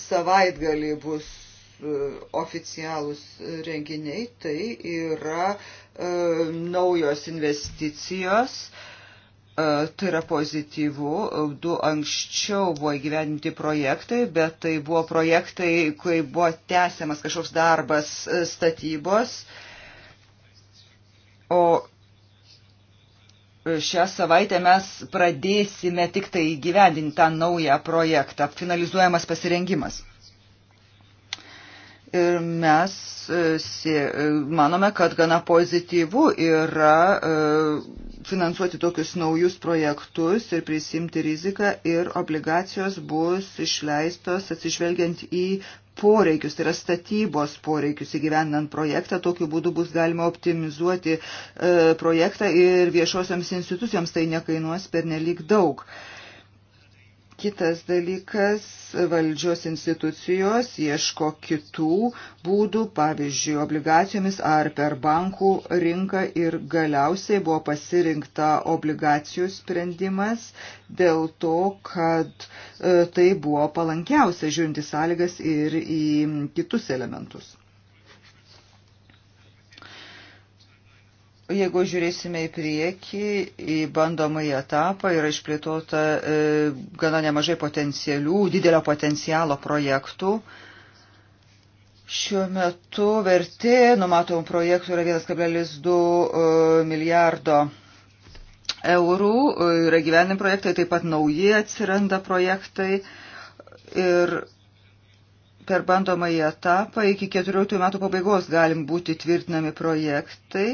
Savaitgalį bus e, oficialūs renginiai, tai yra e, naujos investicijos. E, E, tai yra pozityvu. Du anksčiau buvo įgyvendinti projektai, bet tai buvo projektai, kai buvo tęsiamas kažkoks darbas e, statybos. O šią savaitę mes pradėsime tik tai įgyvendinti tą naują projektą, finalizuojamas pasirengimas. Ir mes e, manome, kad gana pozityvu yra finansuoti tokius naujus projektus ir prisimti riziką ir obligacijos bus išleistos atsižvelgiant į poreikius, tai yra statybos poreikius įgyvendant projektą. Tokiu būdu bus galima optimizuoti e, projektą ir viešosiams institucijoms tai nekainuos per nelik daug. E, Kitas dalykas - valdžios institucijos ieško kitų būdų, pavyzdžiui, obligacijomis ar per bankų rinką ir galiausiai buvo pasirinkta obligacijų sprendimas dėl to, kad e, tai buvo palankiausia žiūrinti sąlygas ir į kitus elementus. Jeigu žiūrėsime į priekį, į bandomąjį etapą yra išplėtota e, gana nemažai potencialių, didelio potencialo projektų. Šiuo metu vertė numatomų projektų yra 1,2 e, milijardo eurų, e, yra gyvenim projektai, taip pat nauji atsiranda projektai. Ir per bandomąjį etapą iki 14 metų pabaigos galim būti tvirtinami projektai,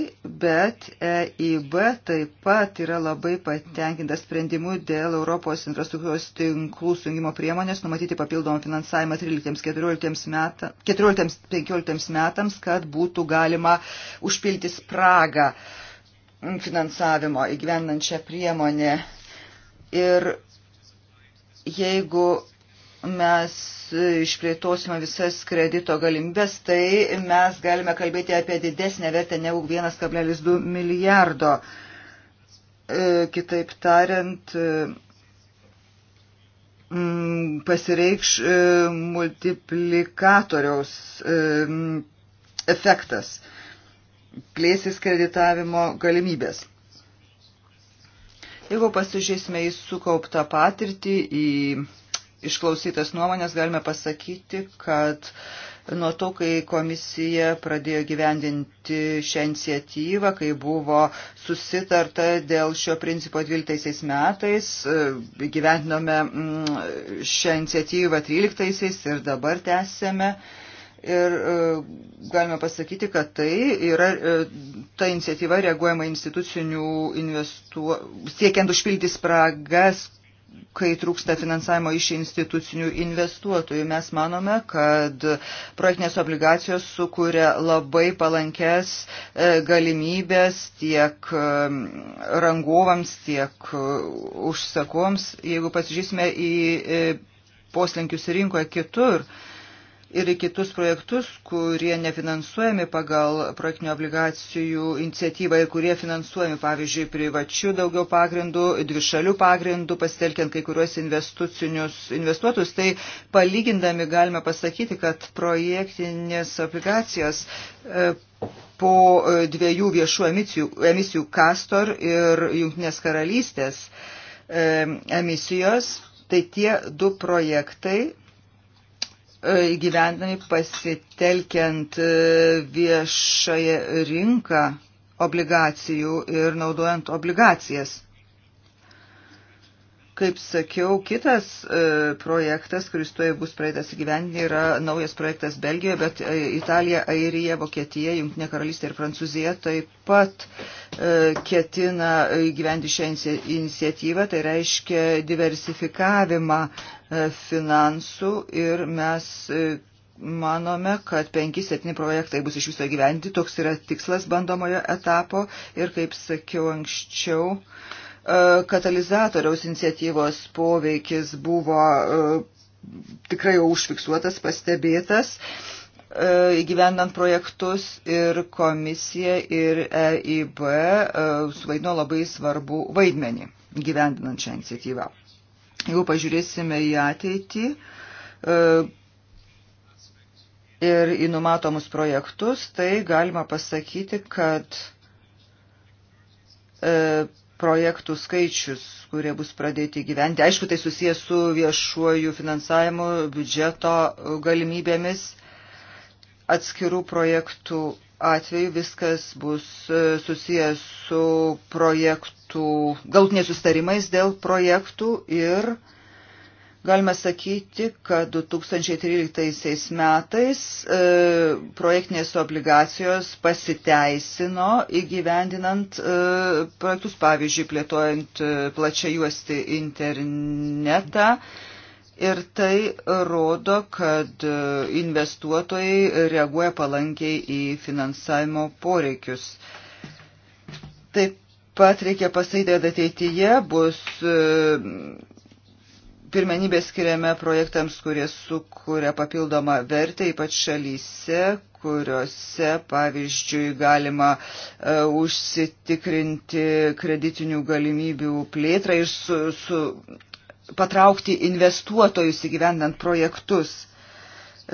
bet EIB taip pat yra labai patenkintas sprendimu dėl Europos infrastruktūros tinklų sujungimo priemonės numatyti papildomą finansavimą 13-15 metams, metams, kad būtų galima užpilti spragą finansavimo įgyvendinančią priemonę. Ir jeigu mes išplėtosime visas kredito galimybės, tai mes galime kalbėti apie didesnę vertę negu 1,2 milijardo. E, kitaip tariant, e, pasireikš e, multiplikatoriaus efektas, plėsis kreditavimo galimybės. Jeigu pasižiūrėsime į sukauptą patirtį, į išklausytas nuomonės galime pasakyti, kad nuo to, kai komisija pradėjo gyvendinti šią iniciatyvą, kai buvo susitarta dėl šio principo 12 metais, e, gyvendinome mm, šią iniciatyvą 13 ir dabar tęsėme. Ir e, galime pasakyti, kad tai yra e, ta iniciatyva reaguojama institucinių investuo, siekiant užpildyti spragas, kai trūksta finansavimo iš institucinių investuotojų. Mes manome, kad projektinės obligacijos sukuria labai palankes e, galimybės tiek e, rangovams, tiek e, užsakoms. Jeigu pasižiūrėsime į poslinkius rinkoje kitur, ir į kitus projektus, kurie nefinansuojami pagal projektinių obligacijų iniciatyvą ir kurie finansuojami, pavyzdžiui, privačių daugiau pagrindų, dvišalių pagrindų, pasitelkiant kai kuriuos investuotus, tai palygindami galime pasakyti, kad projektinės obligacijas e, po e, dviejų viešų emisijų, emisijų Kastor ir Junktinės karalystės e, emisijos, tai tie du projektai įgyvendami pasitelkiant e, viešąją rinką obligacijų ir naudojant obligacijas. Kaip sakiau, kitas e, projektas, kuris tuoj bus praeitas įgyvendinti, yra naujas projektas Belgijoje, bet e, Italija, Airija, Vokietija, Junktinė karalystė ir Prancūzija taip pat e, ketina įgyvendinti šią iniciatyvą, tai reiškia diversifikavimą e, finansų ir mes. E, manome, kad 5-7 projektai bus iš viso gyventi. Toks yra tikslas bandomojo etapo ir, kaip sakiau anksčiau, e, E, katalizatoriaus iniciatyvos poveikis buvo e, tikrai jau užfiksuotas, pastebėtas e, įgyvendant projektus ir komisija ir EIB suvaidino labai svarbu vaidmenį gyvendinant šią iniciatyvą. Jeigu pažiūrėsime į ateitį ir į numatomus projektus, tai galima pasakyti, kad projektų skaičius, kurie bus pradėti gyventi. Aišku, tai susijęs su viešuoju finansavimu, biudžeto galimybėmis. Atskirų projektų atveju viskas bus e, susijęs su projektų, galtiniais sustarimais dėl projektų ir uh, Galime sakyti, kad 2013 metais e, projektinės obligacijos pasiteisino įgyvendinant e, projektus, pavyzdžiui, plėtojant e, plačią juosti internetą. Ir tai rodo, kad e, investuotojai reaguoja palankiai į finansavimo poreikius. Taip pat reikia pasakyti, kad ateityje bus. E, pirmenybę skiriame projektams, kurie sukuria papildomą vertę, ypač šalyse, kuriuose, pavyzdžiui, galima uh, užsitikrinti kreditinių galimybių plėtrą ir su, su patraukti investuotojus įgyvendant projektus.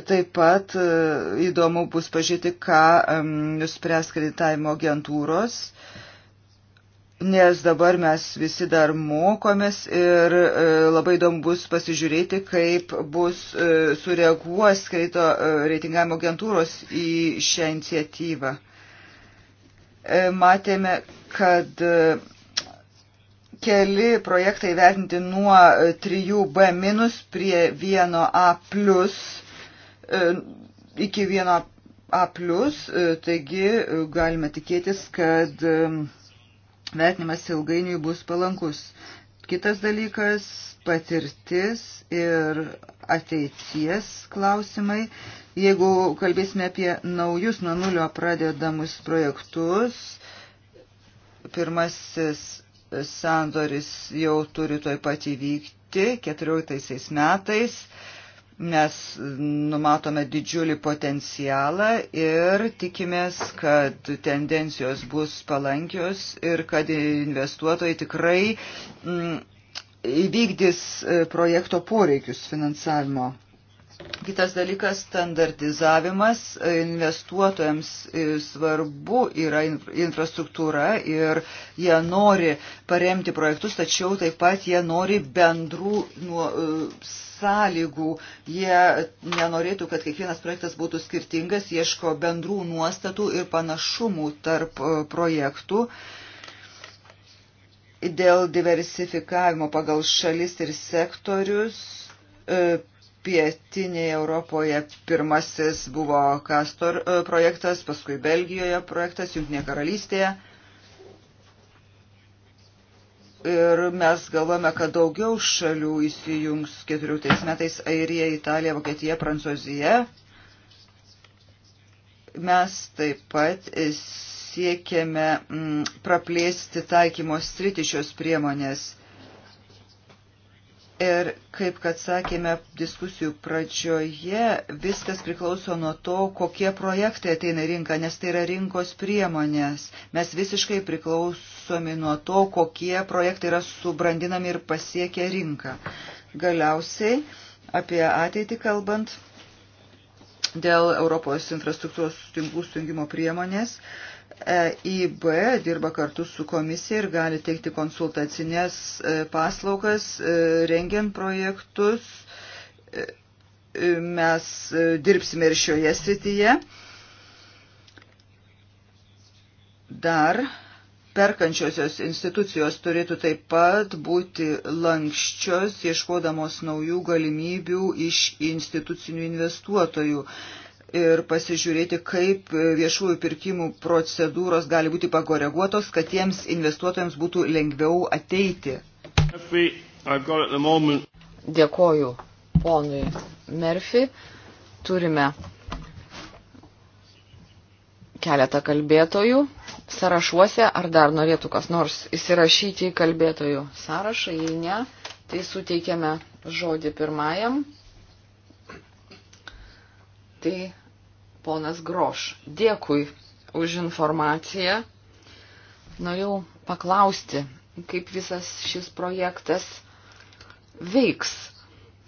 Taip pat uh, įdomu bus pažiūrėti, ką um, nuspręs kreditavimo agentūros. Uh, nes dabar mes visi dar mokomės ir e, labai įdomu bus pasižiūrėti, kaip bus e, sureaguos kreito e, reitingavimo agentūros į šią iniciatyvą. Matėme, kad keli projektai vertinti nuo 3B minus prie 1A plus iki 1A plus, taigi galime tikėtis, kad vertinimas ilgainiui bus palankus. Kitas dalykas - patirtis ir ateities klausimai. Jeigu kalbėsime apie naujus nuo nulio pradedamus projektus, pirmasis sandoris jau turi toj pat įvykti 14 metais Mes numatome didžiulį potencialą ir tikimės, kad tendencijos bus palankios ir kad investuotojai tikrai mm, įvykdys e, projekto poreikius finansavimo Kitas dalykas - standartizavimas. Investuotojams svarbu yra infrastruktūra ir jie nori paremti projektus, tačiau taip pat jie nori bendrų nuo, e, sąlygų. Jie nenorėtų, kad kiekvienas projektas būtų skirtingas, ieško bendrų nuostatų ir panašumų tarp e, projektų dėl diversifikavimo pagal šalis ir sektorius e, pietinėje Europoje pirmasis buvo Castor e, projektas, paskui Belgijoje projektas, Junktinėje karalystėje. Ir mes galvojame, kad daugiau šalių įsijungs keturiautais metais Airija, Italija, Vokietija, Prancūzija. Mes taip pat siekėme mm, praplėsti taikymos sritišios priemonės Ir kaip kad sakėme diskusijų pradžioje, viskas priklauso nuo to, kokie projektai ateina rinka, nes tai yra rinkos priemonės. Mes visiškai priklausomi nuo to, kokie projektai yra subrandinami ir pasiekia rinką. Galiausiai, apie ateitį kalbant, dėl Europos infrastruktūros tinklų sujungimo priemonės, EIB dirba kartu su komisija ir gali teikti konsultacinės e, paslaugas, e, rengiant projektus. E, mes dirbsime ir šioje srityje. Dar perkančiosios institucijos turėtų taip pat būti lankščios, ieškodamos naujų galimybių iš institucinių investuotojų ir pasižiūrėti, kaip viešųjų pirkimų procedūros gali būti pagoreguotos, kad tiems investuotojams būtų lengviau ateiti. Dėkoju ponui Murphy. Turime keletą kalbėtojų sąrašuose. Ar dar norėtų kas nors įsirašyti į kalbėtojų sąrašą? Jei ne, tai suteikiame žodį pirmajam tai ponas Groš. Dėkui už informaciją. Norėjau paklausti, kaip visas šis projektas veiks,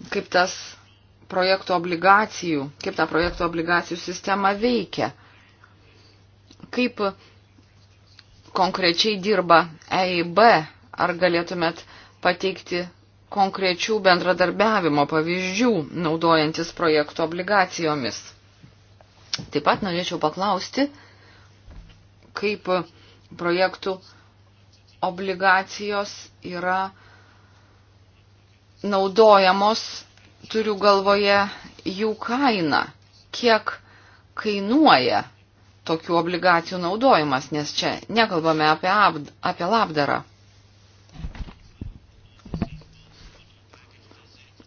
kaip tas projektų obligacijų, kaip ta projektų obligacijų sistema veikia, kaip konkrečiai dirba EIB, ar galėtumėt pateikti konkrečių bendradarbiavimo pavyzdžių, naudojantis projektų obligacijomis. Taip pat norėčiau paklausti, kaip projektų obligacijos yra naudojamos, turiu galvoje jų kainą, kiek kainuoja tokių obligacijų naudojimas, nes čia nekalbame apie, abd, apie labdarą.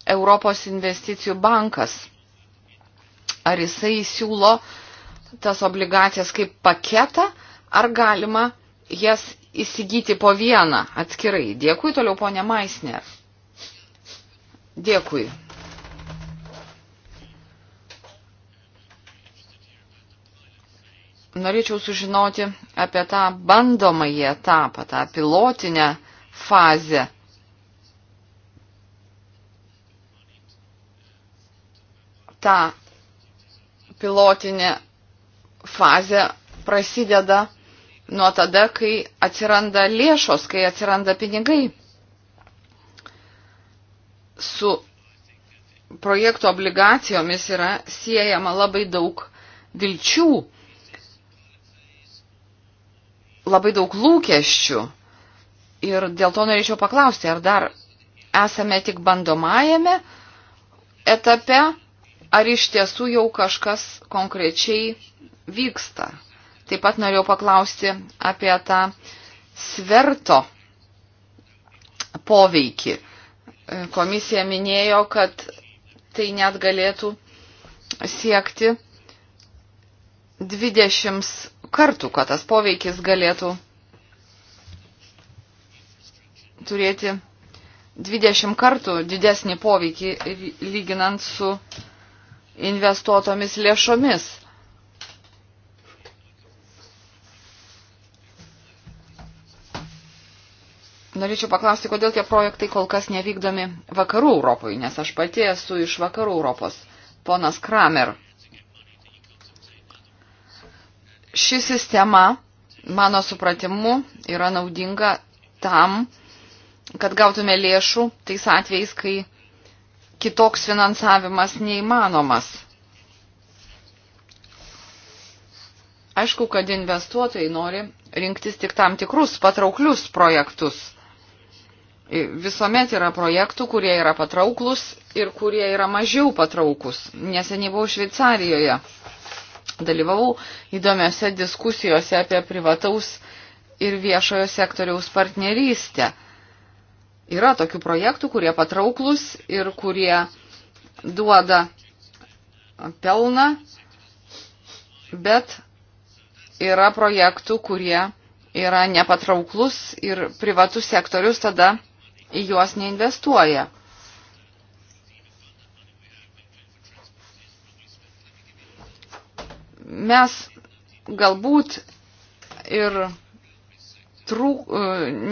Europos investicijų bankas. Ar jisai siūlo tas obligacijas kaip paketą, ar galima jas įsigyti po vieną atskirai? Dėkui toliau, ponė Maisner. Dėkui. Norėčiau sužinoti apie tą bandomąjį etapą, tą pilotinę fazę ta pilotinė fazė prasideda nuo tada, kai atsiranda lėšos, kai atsiranda pinigai. Su projekto obligacijomis yra siejama labai daug vilčių, labai daug lūkesčių. Ir dėl to norėčiau paklausti, ar dar esame tik bandomajame etape, ar iš tiesų jau kažkas konkrečiai vyksta. Taip pat norėjau paklausti apie tą sverto poveikį. Komisija minėjo, kad tai net galėtų siekti 20 kartų, kad tas poveikis galėtų turėti 20 kartų didesnį poveikį lyginant su investuotomis lėšomis. Norėčiau paklausti, kodėl tie projektai kol kas nevykdomi vakarų Europoje, nes aš pati esu iš vakarų Europos, ponas Kramer. Ši sistema, mano supratimu, yra naudinga tam, kad gautume lėšų tais atvejais, kai kitoks finansavimas neįmanomas. Aišku, kad investuotojai nori rinktis tik tam tikrus patrauklius projektus. Visuomet yra projektų, kurie yra patrauklus ir kurie yra mažiau patraukus. Neseniai buvau Šveicarijoje. Dalyvavau įdomiose diskusijose apie privataus ir viešojo sektoriaus partnerystę. Yra tokių projektų, kurie patrauklus ir kurie duoda pelną, bet yra projektų, kurie yra nepatrauklus ir privatus sektorius tada į juos neinvestuoja. Mes galbūt ir trūk, e,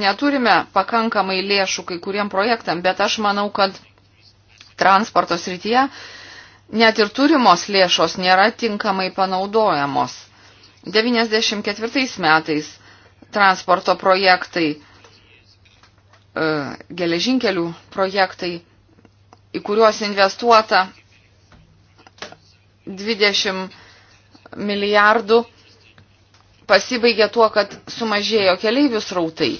neturime pakankamai lėšų kai kuriem projektam, bet aš manau, kad transporto srityje net ir turimos lėšos nėra tinkamai panaudojamos. 94 metais transporto projektai, e, geležinkelių projektai, į kuriuos investuota 20 milijardų pasibaigė tuo, kad sumažėjo keleivių srautai.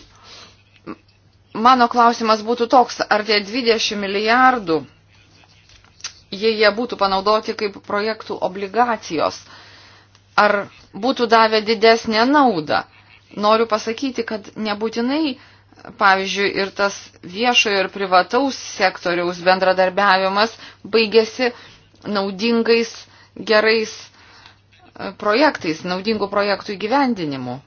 Mano klausimas būtų toks, ar tie 20 milijardų, jei jie būtų panaudoti kaip projektų obligacijos, ar būtų davę didesnę naudą. Noriu pasakyti, kad nebūtinai, pavyzdžiui, ir tas viešojo ir privataus sektoriaus bendradarbiavimas baigėsi naudingais, gerais projektais, naudingų projektų įgyvendinimu.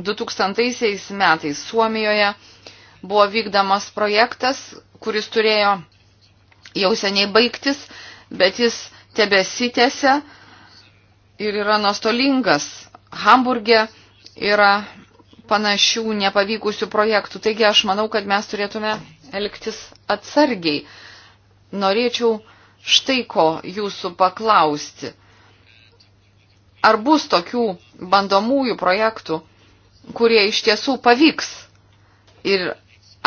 2000 metais Suomijoje buvo vykdamas projektas, kuris turėjo jau seniai baigtis, bet jis tebesitėse ir yra nuostolingas. Hamburge yra panašių nepavykusių projektų. Taigi aš manau, kad mes turėtume elgtis atsargiai. Norėčiau štai ko jūsų paklausti. Ar bus tokių bandomųjų projektų, kurie iš tiesų pavyks? Ir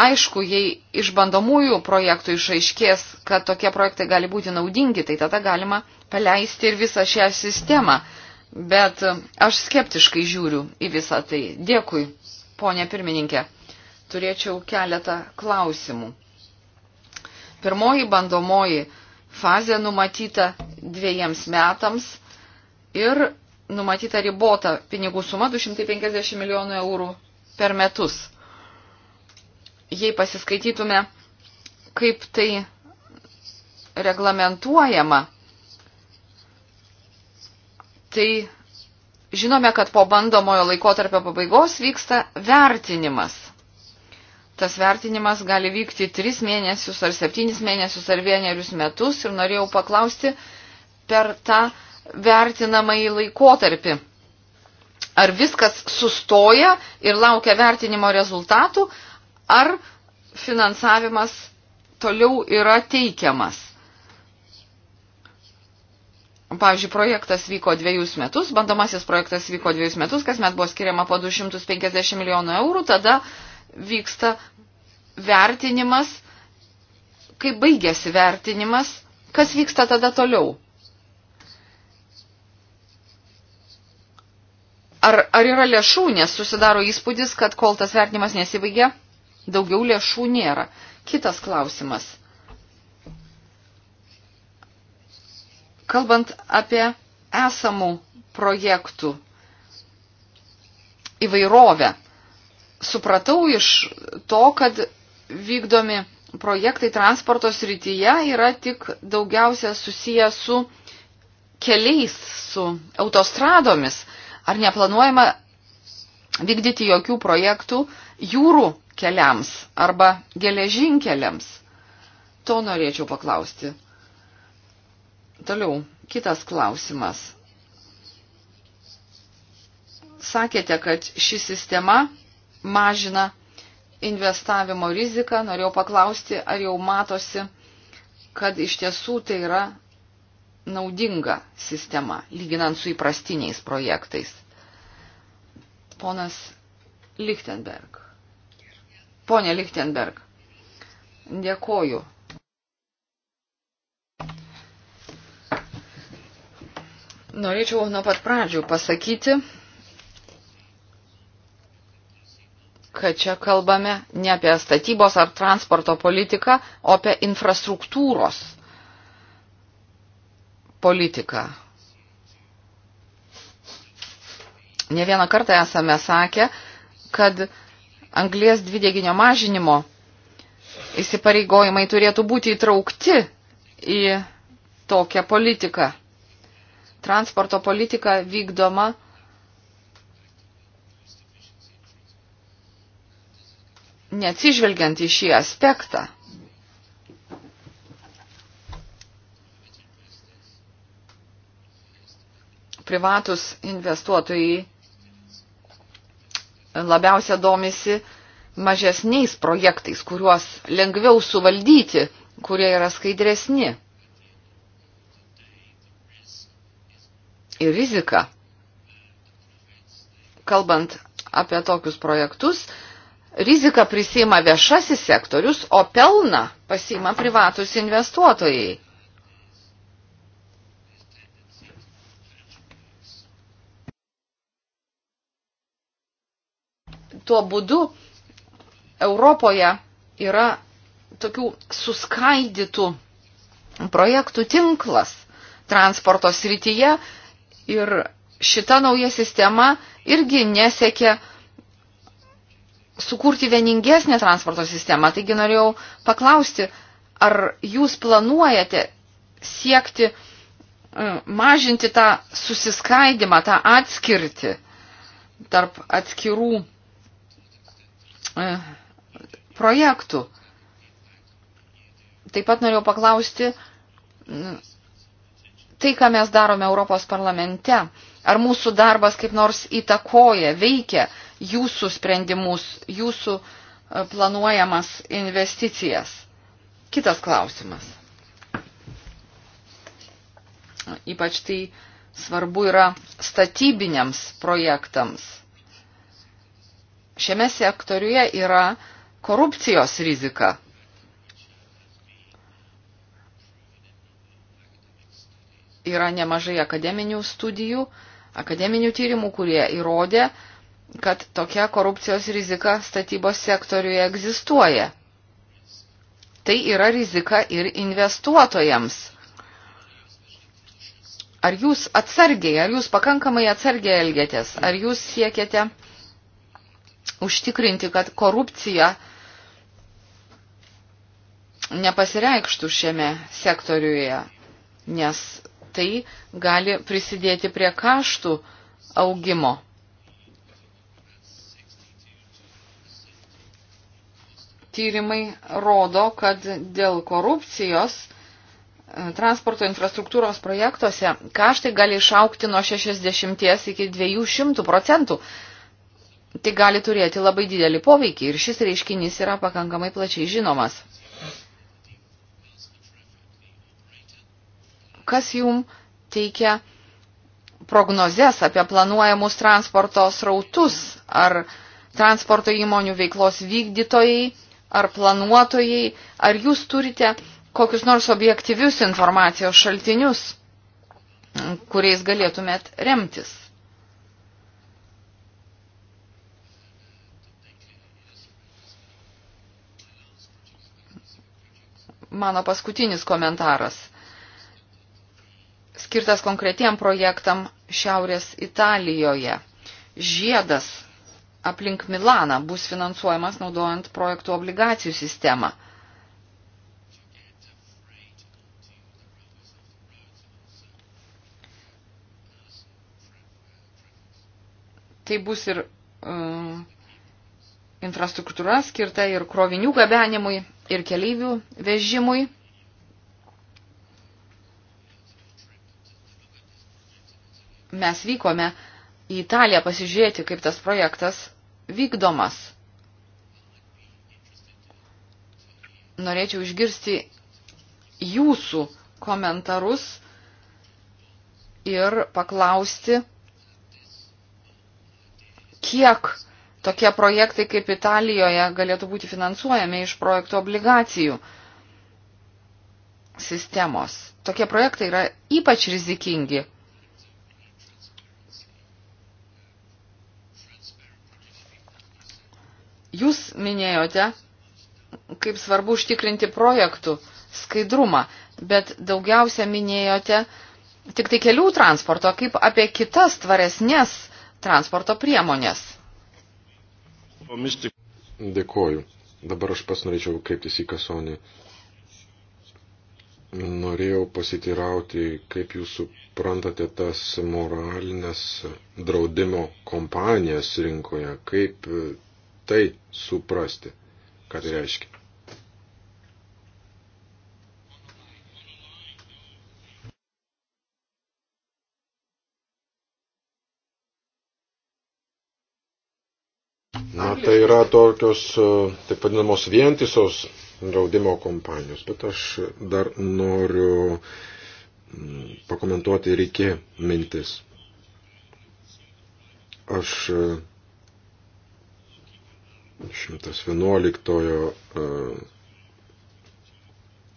aišku, jei iš bandomųjų projektų išaiškės, kad tokie projektai gali būti naudingi, tai tada galima paleisti ir visą šią sistemą. Bet aš skeptiškai žiūriu į visą tai. Dėkui, ponė pirmininkė. Turėčiau keletą klausimų. Pirmoji bandomoji fazė numatyta dviejiems metams ir numatyta ribota pinigų suma 250 milijonų eurų per metus. Jei pasiskaitytume, kaip tai reglamentuojama, tai žinome, kad po bandomojo laikotarpio pabaigos vyksta vertinimas tas vertinimas gali vykti 3 mėnesius ar 7 mėnesius ar vienerius metus ir norėjau paklausti per tą vertinamąjį laikotarpį. Ar viskas sustoja ir laukia vertinimo rezultatų, ar finansavimas toliau yra teikiamas. Pavyzdžiui, projektas vyko dviejus metus, bandomasis projektas vyko dviejus metus, kasmet buvo skiriama po 250 milijonų eurų, tada uh, vyksta vertinimas, kai baigėsi vertinimas, kas vyksta tada toliau. Ar, ar yra lėšų, nes susidaro įspūdis, kad kol tas vertinimas nesibaigė, daugiau lėšų nėra. Kitas klausimas. Kalbant apie esamų projektų įvairovę, supratau iš to, kad vykdomi projektai transporto srityje yra tik daugiausia susiję su keliais, su autostradomis. Ar neplanuojama vykdyti jokių projektų jūrų keliams arba geležinkeliams? To norėčiau paklausti. Toliau, kitas klausimas. Sakėte, kad ši sistema mažina investavimo riziką. Norėjau paklausti, ar jau matosi, kad iš tiesų tai yra naudinga sistema, lyginant su įprastiniais projektais. Ponas Lichtenberg. Pone Lichtenberg, dėkoju. Norėčiau nuo pat pradžių pasakyti, kad čia kalbame ne apie statybos ar transporto politiką, o apie infrastruktūros politiką. Ne vieną kartą esame sakę, kad anglės dvideginio mažinimo įsipareigojimai turėtų būti įtraukti į tokią politiką. Transporto politika vykdoma neatsižvelgiant į šį aspektą, privatus investuotojai labiausia domisi mažesniais projektais, kuriuos lengviau suvaldyti, kurie yra skaidresni. Ir rizika, kalbant apie tokius projektus, riziką prisima viešasis sektorius, o pelną pasima privatus investuotojai. Tuo būdu Europoje yra tokių suskaidytų projektų tinklas transporto srityje ir šita nauja sistema irgi nesiekia uh, sukurti vieningesnę transporto sistemą. Taigi norėjau paklausti, ar jūs planuojate siekti mm, mažinti tą susiskaidimą, tą atskirti tarp atskirų eh, projektų. Taip pat norėjau paklausti, mm, tai, ką mes darome Europos parlamente, ar mūsų darbas kaip nors įtakoja, veikia jūsų sprendimus, jūsų e, planuojamas investicijas. Kitas klausimas. Ypač tai svarbu yra statybiniams projektams. Šiame sektoriuje yra korupcijos rizika. Yra nemažai akademinių studijų, akademinių tyrimų, kurie įrodė, kad tokia korupcijos rizika statybos sektoriuje egzistuoja. Tai yra rizika ir investuotojams. Ar jūs atsargiai, ar jūs pakankamai atsargiai elgėtės, ar jūs siekiate užtikrinti, kad korupcija nepasireikštų šiame sektoriuje, nes tai gali prisidėti prie kaštų augimo. tyrimai rodo, kad dėl korupcijos e, transporto infrastruktūros projektuose kaštai gali išaukti nuo 60 iki 200 procentų. Tai gali turėti labai didelį poveikį ir šis reiškinys yra pakankamai plačiai žinomas. Kas jum teikia prognozes apie planuojamus transporto srautus ar transporto įmonių veiklos vykdytojai ar planuotojai, ar jūs turite kokius nors objektyvius informacijos šaltinius, kuriais galėtumėt remtis. Mano paskutinis komentaras skirtas konkretiem projektam Šiaurės Italijoje. Žiedas aplink Milaną bus finansuojamas naudojant projektų obligacijų sistemą. Tai bus ir uh, infrastruktūra skirta ir krovinių gabenimui, ir keleivių vežimui. Mes vykome į Italiją pasižiūrėti, kaip tas projektas vykdomas. Norėčiau išgirsti jūsų komentarus ir paklausti, kiek tokie projektai kaip Italijoje galėtų būti finansuojami iš projektų obligacijų sistemos. Tokie projektai yra ypač rizikingi Jūs minėjote, kaip svarbu užtikrinti projektų skaidrumą, bet daugiausia minėjote tik tai kelių transporto, kaip apie kitas tvaresnės transporto priemonės. Dėkoju. Dabar aš pas norėčiau kreiptis į Kasonį. Norėjau pasitirauti, kaip jūs suprantate tas moralinės draudimo kompanijas rinkoje, kaip tai suprasti, ką tai reiškia. Na, tai yra tokios, e, taip vadinamos, vientisos draudimo kompanijos, bet aš dar noriu mm, pakomentuoti reikė mintis. Aš e, 111 e,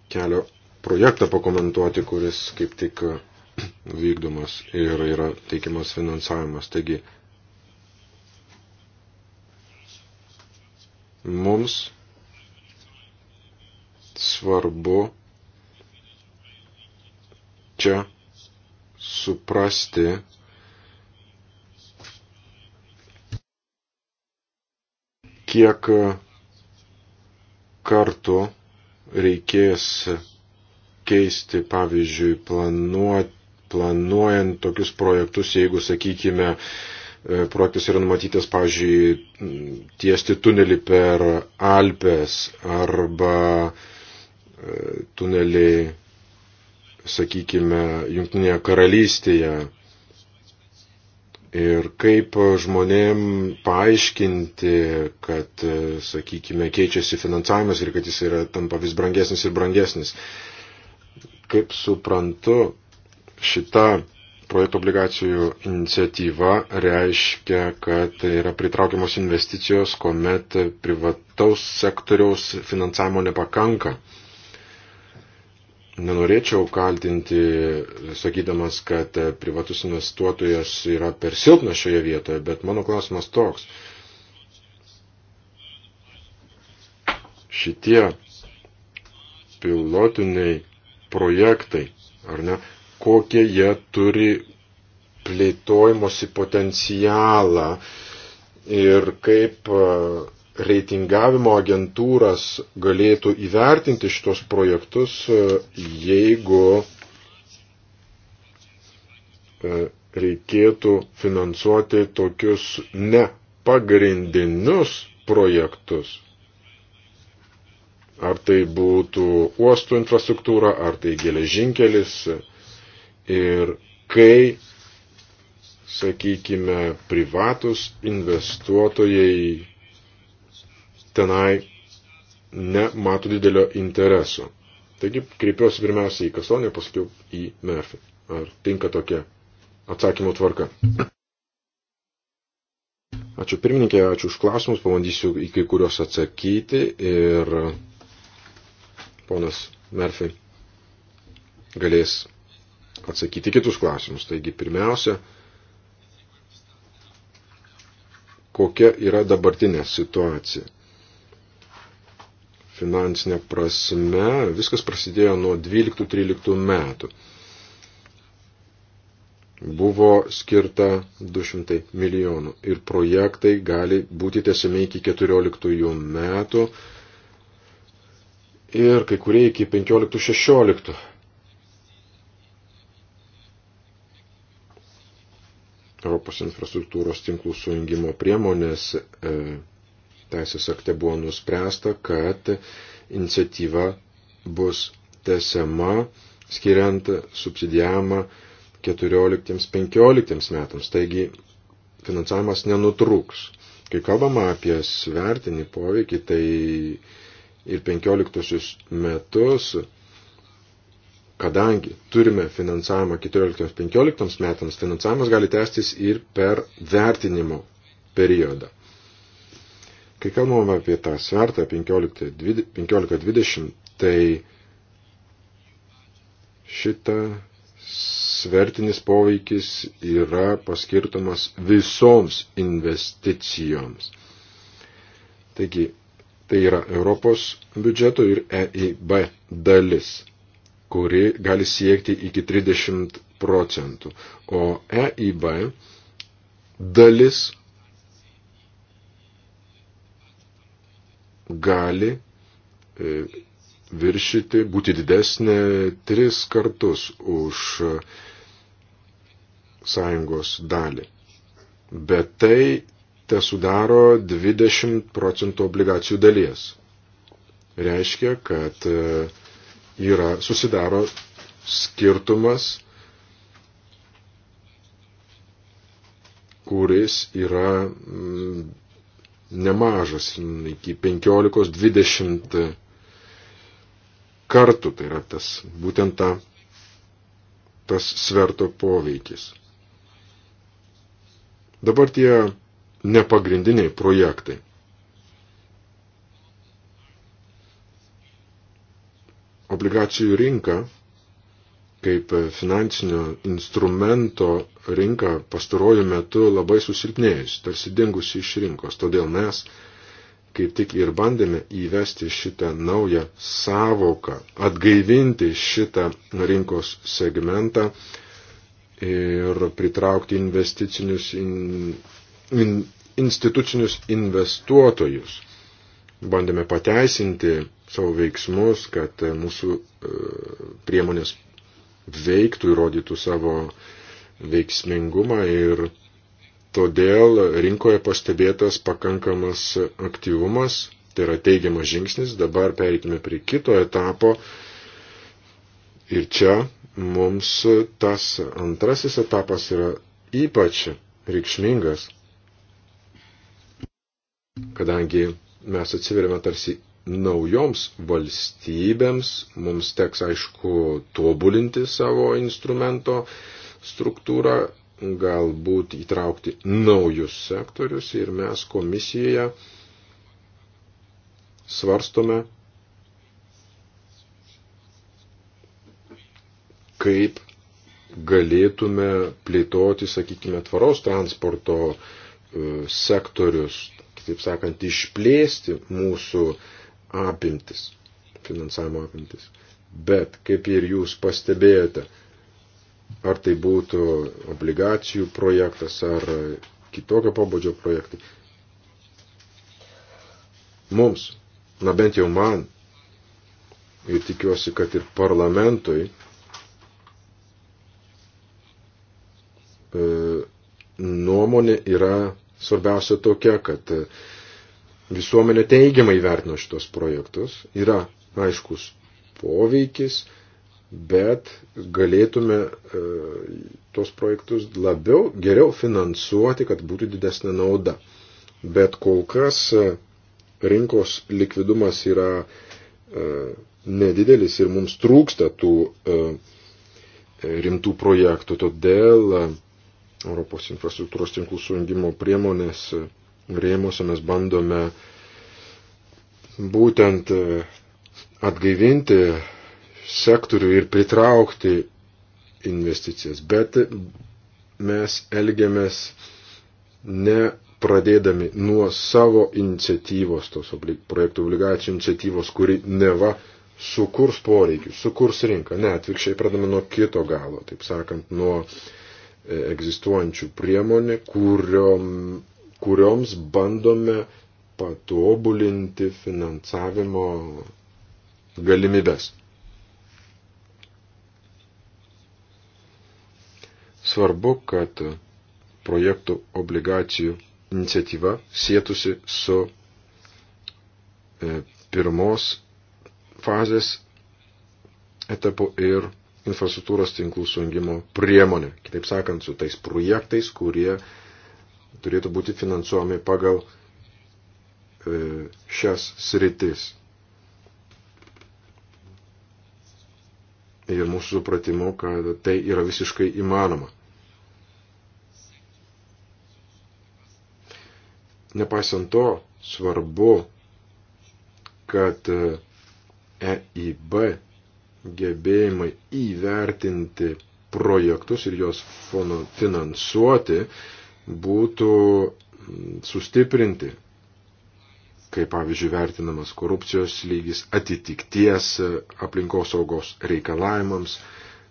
kelio projektą pakomentuoti, kuris kaip tik e, vykdomas ir yra teikiamas finansavimas. Taigi, mums svarbu čia suprasti, kiek e, kartų reikės keisti, pavyzdžiui, planuot, planuojant tokius projektus, jeigu, sakykime, e, projektas yra numatytas, pavyzdžiui, tiesti tunelį per Alpes arba e, tunelį, sakykime, Junktinėje karalystėje Ir kaip žmonėm paaiškinti, kad, e, sakykime, keičiasi finansavimas ir kad jis yra tampa vis brangesnis ir brangesnis. Kaip suprantu, šita projekto obligacijų iniciatyva reiškia, kad yra pritraukiamos investicijos, kuomet privataus sektoriaus finansavimo nepakanka nenorėčiau kaltinti, sakydamas, kad privatus investuotojas yra per silpnas šioje vietoje, bet mano klausimas toks. Šitie pilotiniai projektai, ar ne, kokie jie turi plėtojimosi potencialą ir kaip reitingavimo agentūras galėtų įvertinti šitos projektus, e, jeigu e, reikėtų finansuoti tokius ne pagrindinius projektus. Ar tai būtų uostų infrastruktūra, ar tai geležinkelis. Ir kai, sakykime, privatus investuotojai tenai nemato didelio intereso. Taigi kreipiuosi pirmiausia į Kasonį, pasakiau į Merfį. Ar tinka tokia atsakymo tvarka? Ačiū pirmininkė, ačiū už klausimus, pabandysiu į kai kurios atsakyti ir ponas Merfį galės atsakyti kitus klausimus. Taigi pirmiausia, kokia yra dabartinė situacija finansinė prasme, viskas prasidėjo nuo 12-13 metų. Buvo skirta 200 milijonų ir projektai gali būti tiesiami iki 14 metų ir kai kurie iki 15-16. Europos infrastruktūros tinklų sujungimo priemonės e, teisės akte buvo nuspręsta, kad iniciatyva bus tesiama, skiriant subsidijamą 14-15 metams. Taigi finansavimas nenutrūks. Kai kalbama apie svertinį poveikį, tai ir 15 metus, kadangi turime finansavimą 14-15 metams, finansavimas gali tęstis ir per vertinimo periodą. Kai kalbame apie tą svertą 15-20, tai šita svertinis poveikis yra paskirtumas visoms investicijoms. Taigi, tai yra Europos biudžeto ir EIB dalis, kuri gali siekti iki 30 procentų, o EIB dalis gali e, viršyti, būti didesnė tris kartus už e, sąjungos dalį. Bet tai te sudaro 20 procentų obligacijų dalies. Reiškia, kad e, yra, susidaro skirtumas, kuris yra nemažas, iki 15-20 kartų, tai yra tas, būtent ta, tas sverto poveikis. Dabar tie nepagrindiniai projektai. Obligacijų rinka kaip finansinio instrumento rinka pastaruoju metu labai susilpnėjusi, tarsi dingusi iš rinkos. Todėl mes kaip tik ir bandėme įvesti šitą naują savoką, atgaivinti šitą rinkos segmentą ir pritraukti investicinius in, in, institucinius investuotojus. Bandėme pateisinti savo veiksmus, kad mūsų e, priemonės veiktų, įrodytų savo veiksmingumą ir todėl rinkoje pastebėtas pakankamas aktyvumas, tai yra teigiamas žingsnis, dabar pereikime prie kito etapo ir čia mums tas antrasis etapas yra ypač reikšmingas, kadangi mes atsiveriame tarsi naujoms valstybėms mums teks, aišku, tobulinti savo instrumento struktūrą, galbūt įtraukti naujus sektorius ir mes komisijoje svarstome, kaip galėtume plėtoti, sakykime, tvaros transporto e, sektorius, kitaip sakant, išplėsti mūsų uh, apimtis, finansavimo apimtis. Bet, kaip ir jūs pastebėjote, ar tai būtų obligacijų projektas ar kitokio pobūdžio projektai, mums, na bent jau man, ir tikiuosi, kad ir parlamentui, e, nuomonė yra svarbiausia tokia, kad e, Visuomenė teigiamai vertino šitos projektus, yra aiškus poveikis, bet galėtume e, tos projektus labiau, geriau finansuoti, kad būtų didesnė nauda. Bet kol kas e, rinkos likvidumas yra e, nedidelis ir mums trūksta tų e, e rimtų projektų, todėl e, Europos infrastruktūros tinklų sujungimo priemonės e, rėmuose mes bandome būtent e, atgaivinti sektorių ir pritraukti investicijas, bet mes elgiamės ne pradėdami nuo savo iniciatyvos, tos obli projektų obligacijų iniciatyvos, kuri neva sukurs poreikius, sukurs rinką. Ne, atvirkščiai pradame nuo kito galo, taip sakant, nuo e, egzistuojančių priemonė, kuriom kurioms bandome patobulinti finansavimo galimybės. Svarbu, kad projektų obligacijų iniciatyva sėtusi su e, pirmos fazės etapu ir infrastruktūros tinklų sujungimo priemonė. Kitaip sakant, su tais projektais, kurie turėtų būti finansuomi pagal e, šias sritis. Ir mūsų supratimu, kad tai yra visiškai įmanoma. Nepaisant to, svarbu, kad EIB e gebėjimai įvertinti projektus ir juos finansuoti būtų sustiprinti, kaip pavyzdžiui vertinamas korupcijos lygis, atitikties e, aplinkos saugos reikalavimams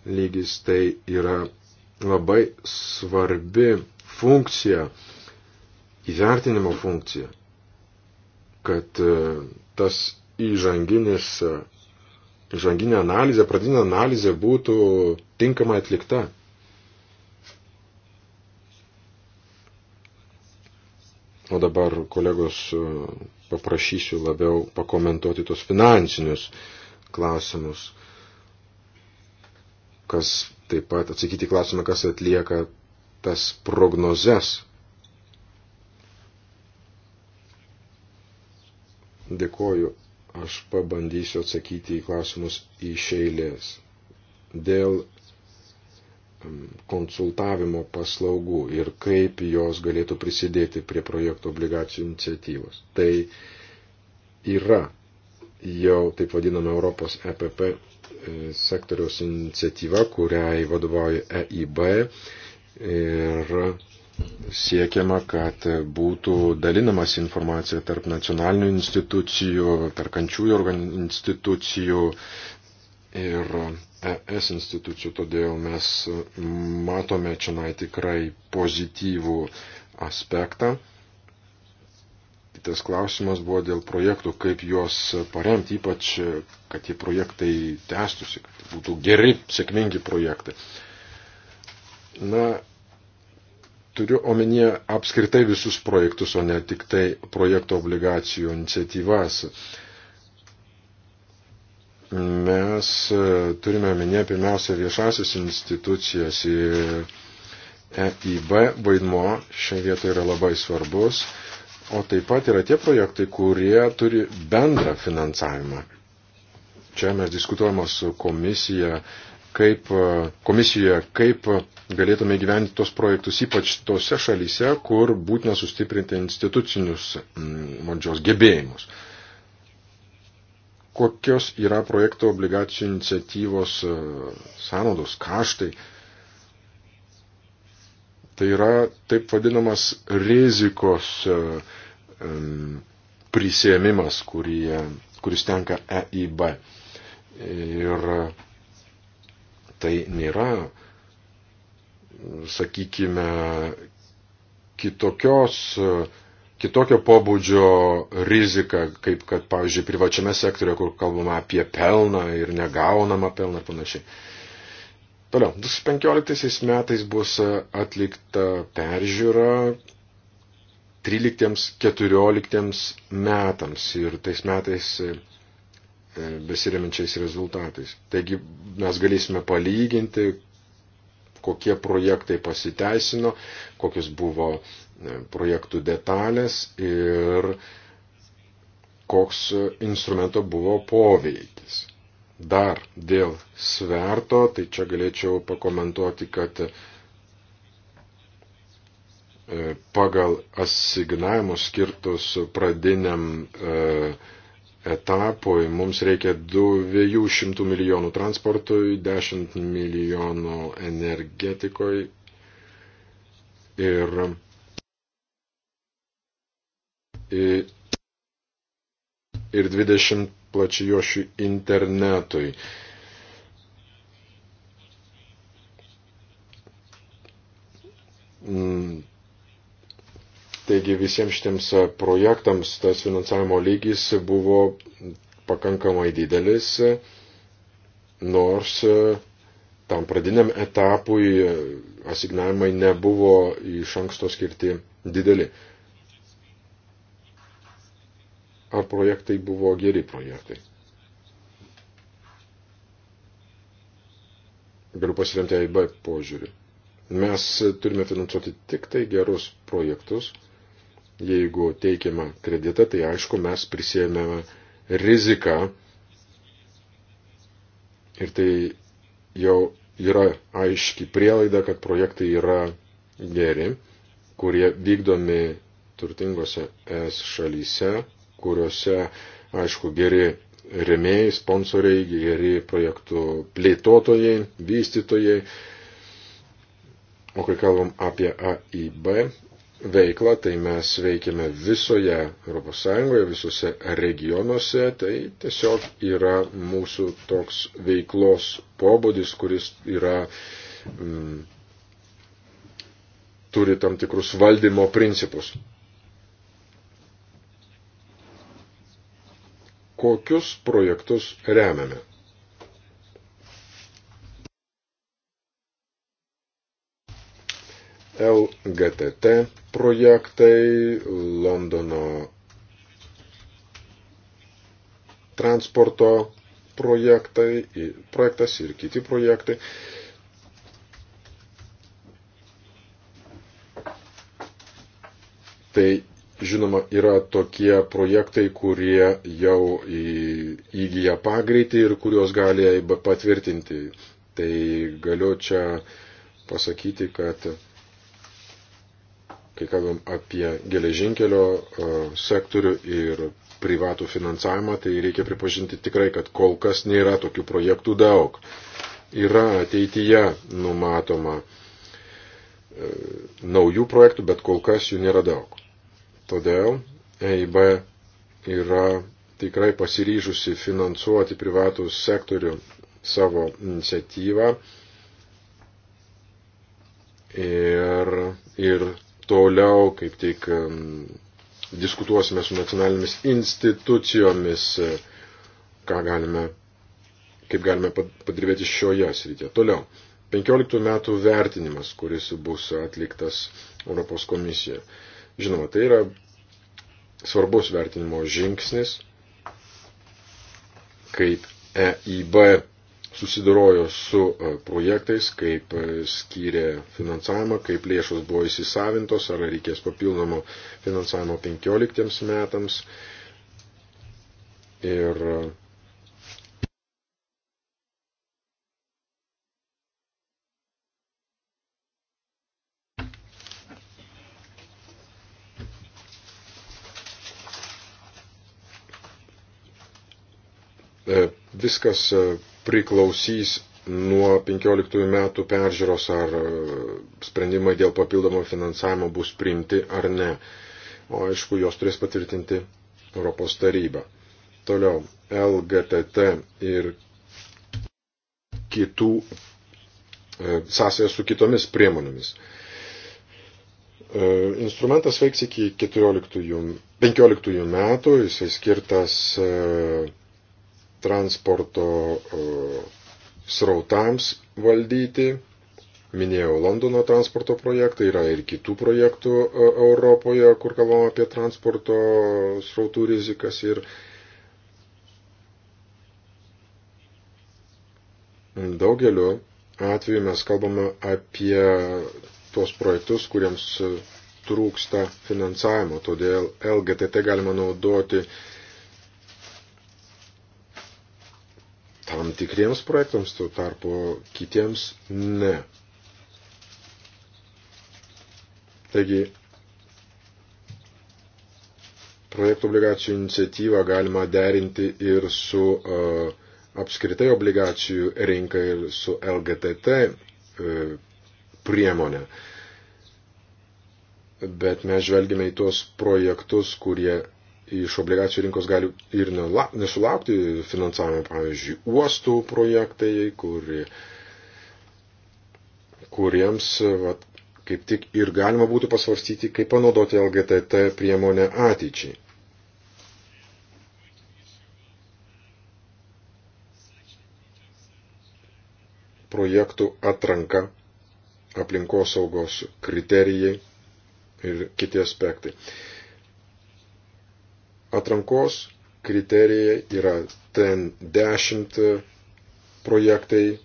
lygis, tai yra labai svarbi funkcija, įvertinimo funkcija, kad e, tas įžanginis, e, įžanginė analizė, pradinė analizė būtų tinkamai atlikta. O dabar kolegos e, paprašysiu labiau pakomentuoti tos finansinius klausimus, kas taip pat atsakyti klausimą, kas atlieka tas prognozes. Dėkoju, aš pabandysiu atsakyti į klausimus iš eilės. Dėl konsultavimo paslaugų ir kaip jos galėtų prisidėti prie projektų obligacijų iniciatyvos. Tai yra jau taip vadinama Europos EPP e, sektoriaus iniciatyva, kuriai vadovauja EIB ir siekiama, kad būtų dalinamas informacija tarp nacionalinių institucijų, tarkančiųjų institucijų, ir ES institucijų, todėl mes matome čia tikrai pozityvų aspektą. Kitas klausimas buvo dėl projektų, kaip juos paremti, ypač, kad tie projektai tęstusi, kad būtų geri, sėkmingi projektai. Na, turiu omenyje apskritai visus projektus, o ne tik tai projekto obligacijų iniciatyvas. Uh, mes e, turime minė pirmiausia viešasias institucijas ir EIB vaidmo šią vietą yra labai svarbus, o taip pat yra tie projektai, kurie turi bendrą finansavimą. Čia mes diskutuojame su komisija, kaip, e, komisijoje, kaip galėtume gyventi tos projektus, ypač tose šalyse, kur būtina sustiprinti institucinius valdžios gebėjimus. Mm, kokios yra projekto obligacijų iniciatyvos e, sąnaudos, kaštai. Tai yra taip vadinamas rizikos e, prisėmimas, kurį, e, kuris tenka EIB. Ir tai nėra, sakykime, kitokios uh, kitokio pobūdžio rizika, kaip kad, pavyzdžiui, privačiame sektoriuje, kur kalbama apie pelną ir negaunamą pelną ir panašiai. Toliau, 2015 metais bus atlikta peržiūra 13-14 metams ir tais metais e, besiremiančiais rezultatais. Taigi mes galėsime palyginti, kokie projektai pasiteisino, kokios buvo E, projektų detalės ir koks instrumento buvo poveikis. Dar dėl sverto, tai čia galėčiau pakomentuoti, kad e, pagal asignavimus skirtus pradiniam e, etapui mums reikia 200 milijonų transportui, 10 milijonų energetikoj ir ir 20 plačijošių internetui. Mm. Taigi visiems šitiems projektams tas finansavimo lygis buvo pakankamai didelis, nors tam pradiniam etapui asignavimai nebuvo iš anksto skirti dideli ar projektai buvo geri projektai. Galiu pasiremti AIB požiūrį. Mes turime finansuoti tik tai gerus projektus. Jeigu teikiame kreditą, tai aišku, mes prisėmėme riziką ir tai jau yra aiški prielaida, kad projektai yra geri, kurie vykdomi turtingose es šalyse kuriuose, aišku, geri remėjai, sponsoriai, geri projektų plėtotojai, vystytojai. O kai kalbam apie AIB veiklą, tai mes veikiame visoje ES, visose regionuose, tai tiesiog yra mūsų toks veiklos pobūdis, kuris yra, mm, turi tam tikrus valdymo principus. kokius projektus remiame. LGTT projektai, Londono transporto projektai, projektas ir kiti projektai. Tai Žinoma, yra tokie projektai, kurie jau įgyja pagreitį ir kuriuos gali patvirtinti. Tai galiu čia pasakyti, kad kai kalbam apie geležinkelio e, sektorių ir privatų finansavimą, tai reikia pripažinti tikrai, kad kol kas nėra tokių projektų daug. Yra ateityje numatoma e, naujų projektų, bet kol kas jų nėra daug. Todėl EIB yra tikrai pasiryžusi finansuoti privatų sektorių savo iniciatyvą ir, ir toliau kaip tik diskutuosime su nacionalinėmis institucijomis, ką galime, kaip galime padirbėti šioje srityje. Toliau. 15 metų vertinimas, kuris bus atliktas Europos komisijoje. Žinoma, tai yra svarbus vertinimo žingsnis, kaip EIB susidorojo su e, projektais, kaip e, skyrė finansavimą, kaip lėšos buvo įsisavintos, ar reikės papildomo finansavimo 15 metams. Ir e, viskas e, priklausys nuo 15 metų peržiūros, ar e, sprendimai dėl papildomo finansavimo bus priimti ar ne. O aišku, jos turės patvirtinti Europos taryba. Toliau, LGTT ir kitų e, sąsąją su kitomis priemonėmis. Instrumentas veiks iki 14, 15 metų, jisai skirtas transporto e, srautams valdyti. Minėjau Londono transporto projektą, yra ir kitų projektų e, Europoje, kur kalbam apie transporto srautų rizikas ir daugeliu atveju mes kalbame apie tuos projektus, kuriems trūksta finansavimo, todėl LGTT galima naudoti uh, tam tikriems projektams, tuo tarpu kitiems ne. Taigi, projektų obligacijų iniciatyvą galima derinti ir su uh, apskritai obligacijų rinka ir su LGTT uh, priemonė. Bet mes žvelgime į tuos projektus, kurie iš obligacijų rinkos gali ir nesulaukti finansavimo, pavyzdžiui, uostų projektai, kuri, kuriems vat, kaip tik ir galima būtų pasvarstyti, kaip panaudoti LGTT priemonę ateičiai. Projektų atranka, aplinkosaugos kriterijai ir kiti aspektai. Atrankos kriterijai yra ten 10 projektai.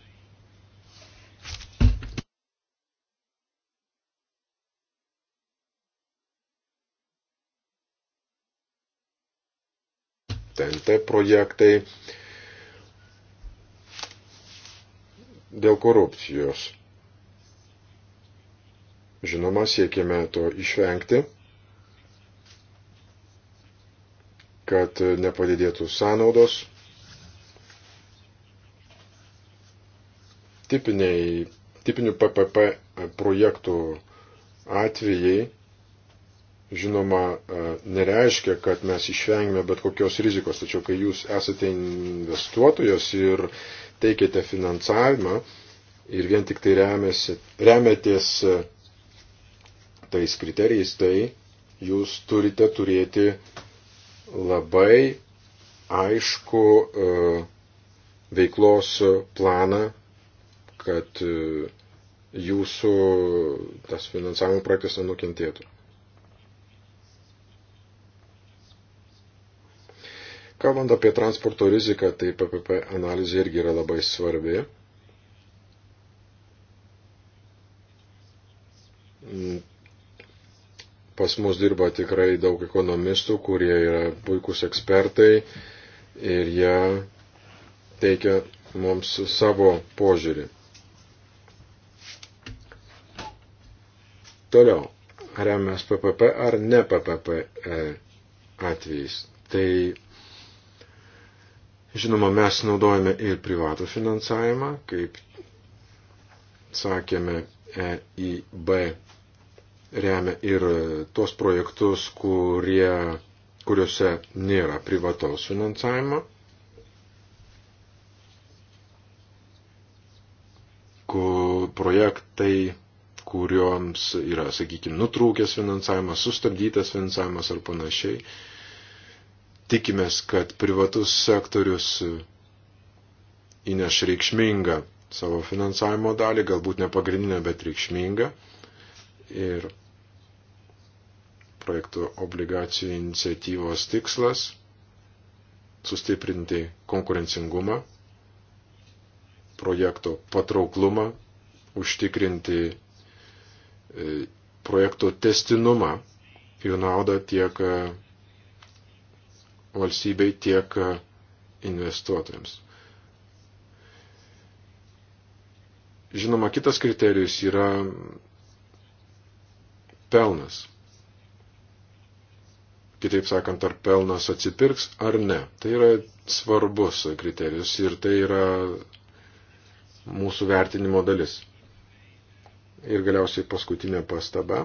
TNT projektai dėl korupcijos. Žinoma, siekime to išvengti. kad nepadidėtų sąnaudos. Tipiniai, tipinių PPP projektų atvejai, žinoma, e, nereiškia, kad mes išvengime bet kokios rizikos, tačiau kai jūs esate investuotojas ir teikiate finansavimą ir vien tik tai remiasi, remetės e, tais kriterijais, tai jūs turite turėti labai aišku e, veiklos planą, kad e, jūsų tas finansavimo projektas nenukentėtų. Kalbant apie transporto riziką, tai PPP analizė irgi yra labai svarbi. Pas mus dirba tikrai daug ekonomistų, kurie yra puikūs ekspertai ir jie teikia mums savo požiūrį. Toliau, remiamės PPP ar ne PPP e, atvejais. Tai Žinoma, mes naudojame ir privatų finansavimą, kaip sakėme, EIB remia ir tos projektus, kurie, kuriuose nėra privataus finansavimo, kur projektai, kurioms yra, sakykime, nutrūkęs finansavimas, sustabdytas finansavimas ar panašiai. Tikimės, kad privatus sektorius įneš reikšmingą savo finansavimo dalį, galbūt ne pagrindinę, bet reikšmingą. Ir projektų obligacijų iniciatyvos tikslas - sustiprinti konkurencingumą, projekto patrauklumą, užtikrinti e, projekto testinumą ir naudą tiek e, valstybei, tiek e, investuotojams. Žinoma, kitas kriterijus yra pelnas kitaip sakant, ar pelnas atsipirks ar ne. Tai yra svarbus kriterijus ir tai yra mūsų vertinimo dalis. Ir galiausiai paskutinė pastaba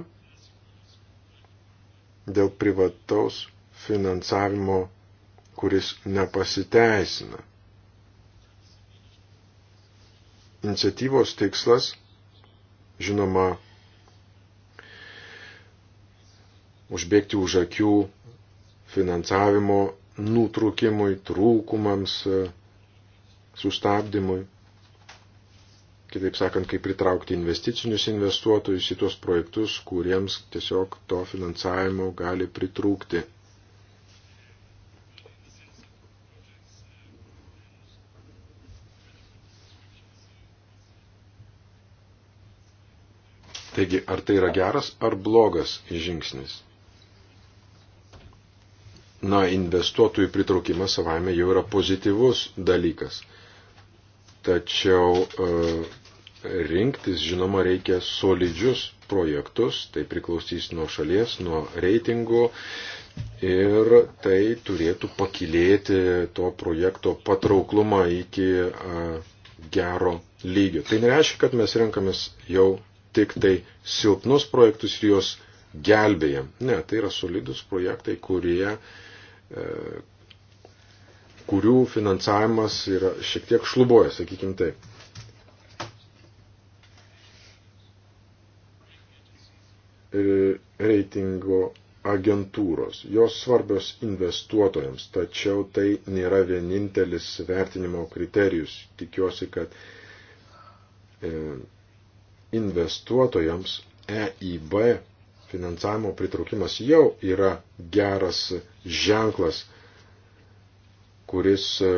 dėl privataus finansavimo, kuris nepasiteisina. Iniciatyvos tikslas, žinoma, užbėgti už akių finansavimo nutrūkimui, trūkumams, e, sustabdymui. Kitaip sakant, kaip pritraukti investicinius investuotojus į tuos projektus, kuriems tiesiog to finansavimo gali pritrūkti. Taigi, ar tai yra geras ar blogas žingsnis? na, investuotojų pritraukimas savaime jau yra pozityvus dalykas. Tačiau e, rinktis, žinoma, reikia solidžius projektus, tai priklausys nuo šalies, nuo reitingų ir tai turėtų pakilėti to projekto patrauklumą iki e, gero lygio. Tai nereiškia, kad mes renkamės jau tik tai silpnus projektus ir juos gelbėja. Ne, tai yra solidus projektai, kurie, e, kurių finansavimas yra šiek tiek šluboja, sakykime taip. reitingo agentūros. Jos svarbios investuotojams, tačiau tai nėra vienintelis vertinimo kriterijus. Tikiuosi, kad e, investuotojams EIB finansavimo pritraukimas jau yra geras ženklas, kuris e,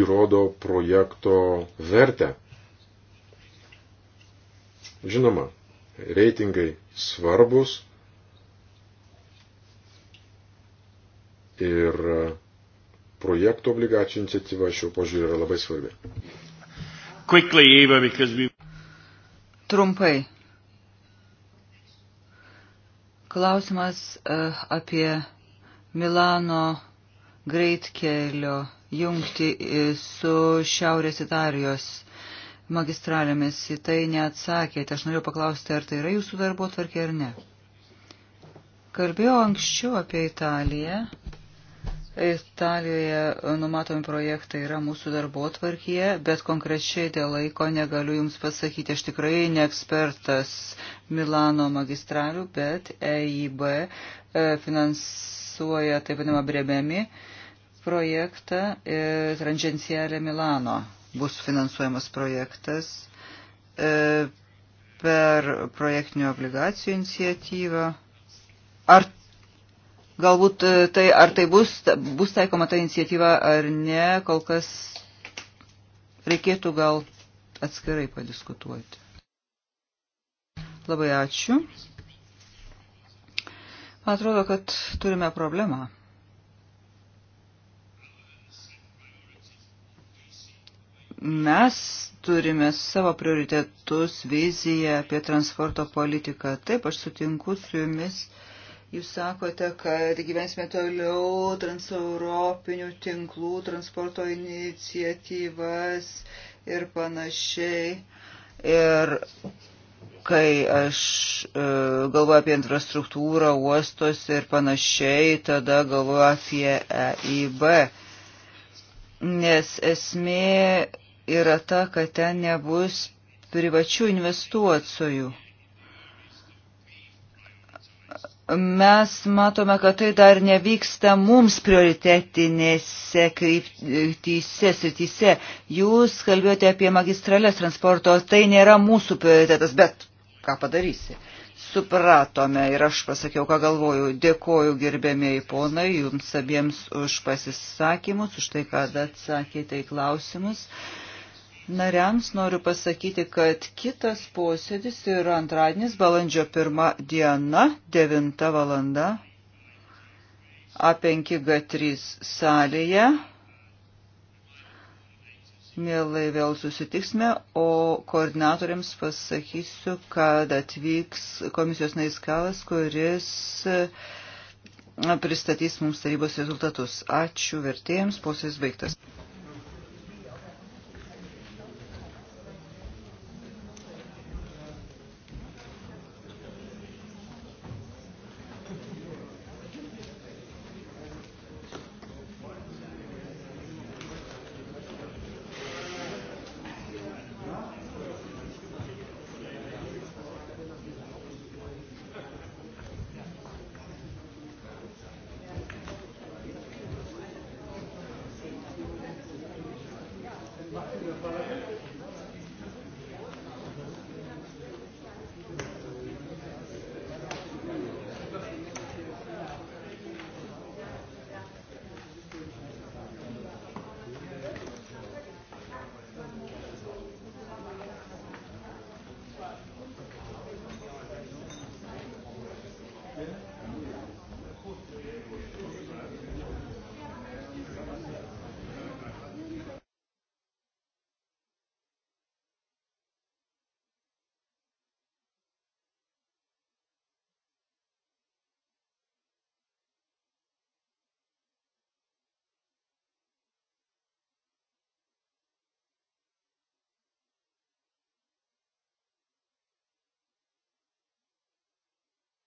įrodo projekto vertę. Žinoma, reitingai svarbus ir e, projektų obligacijų iniciatyva šiuo požiūriu yra labai svarbi. Quickly, Eva, we... Trumpai, Klausimas eh, apie Milano greitkelio jungti eh, su Šiaurės Italijos magistralėmis. Į tai neatsakėte. Aš noriu paklausti, ar tai yra jūsų darbo tvarkė ar ne. Kalbėjau anksčiau apie Italiją Italijoje numatomi projektai yra mūsų darbo tvarkyje, bet konkrečiai dėl laiko negaliu Jums pasakyti. Aš tikrai ne ekspertas Milano magistralių, bet EIB e, finansuoja taip vadinamą brememi projektą Transgencialė Milano bus finansuojamas projektas e, per projektinių obligacijų iniciatyvą. Ar Galbūt e, tai, ar tai bus, bus taikoma ta iniciatyva ar ne, kol kas reikėtų gal atskirai padiskutuoti. Labai ačiū. Man atrodo, kad turime problemą. mes turime savo prioritetus, viziją apie transporto politiką. Taip, aš sutinku su jumis. Jūs sakote, kad gyvensime toliau transeuropinių tinklų, transporto iniciatyvas ir panašiai. Ir kai aš e, galvoju apie infrastruktūrą, uostos ir panašiai, tada galvoju apie EIB. Nes esmė yra ta, kad ten nebus privačių investuotojų mes matome, kad tai dar nevyksta mums prioritetinėse kryptyse, srityse. Jūs kalbėjote apie magistralės transporto, tai nėra mūsų prioritetas, bet ką padarysi. Supratome ir aš pasakiau, ką galvoju. Dėkoju gerbėmiai ponai, jums abiems už pasisakymus, už tai, kad atsakėte į klausimus nariams noriu pasakyti, kad kitas posėdis yra antradienis balandžio 1 diena, 9 valanda, A5G3 salėje. Mielai vėl susitiksime, o koordinatoriams pasakysiu, kad atvyks komisijos naiskalas, kuris pristatys mums tarybos rezultatus. Ačiū vertėjams, posėdis baigtas.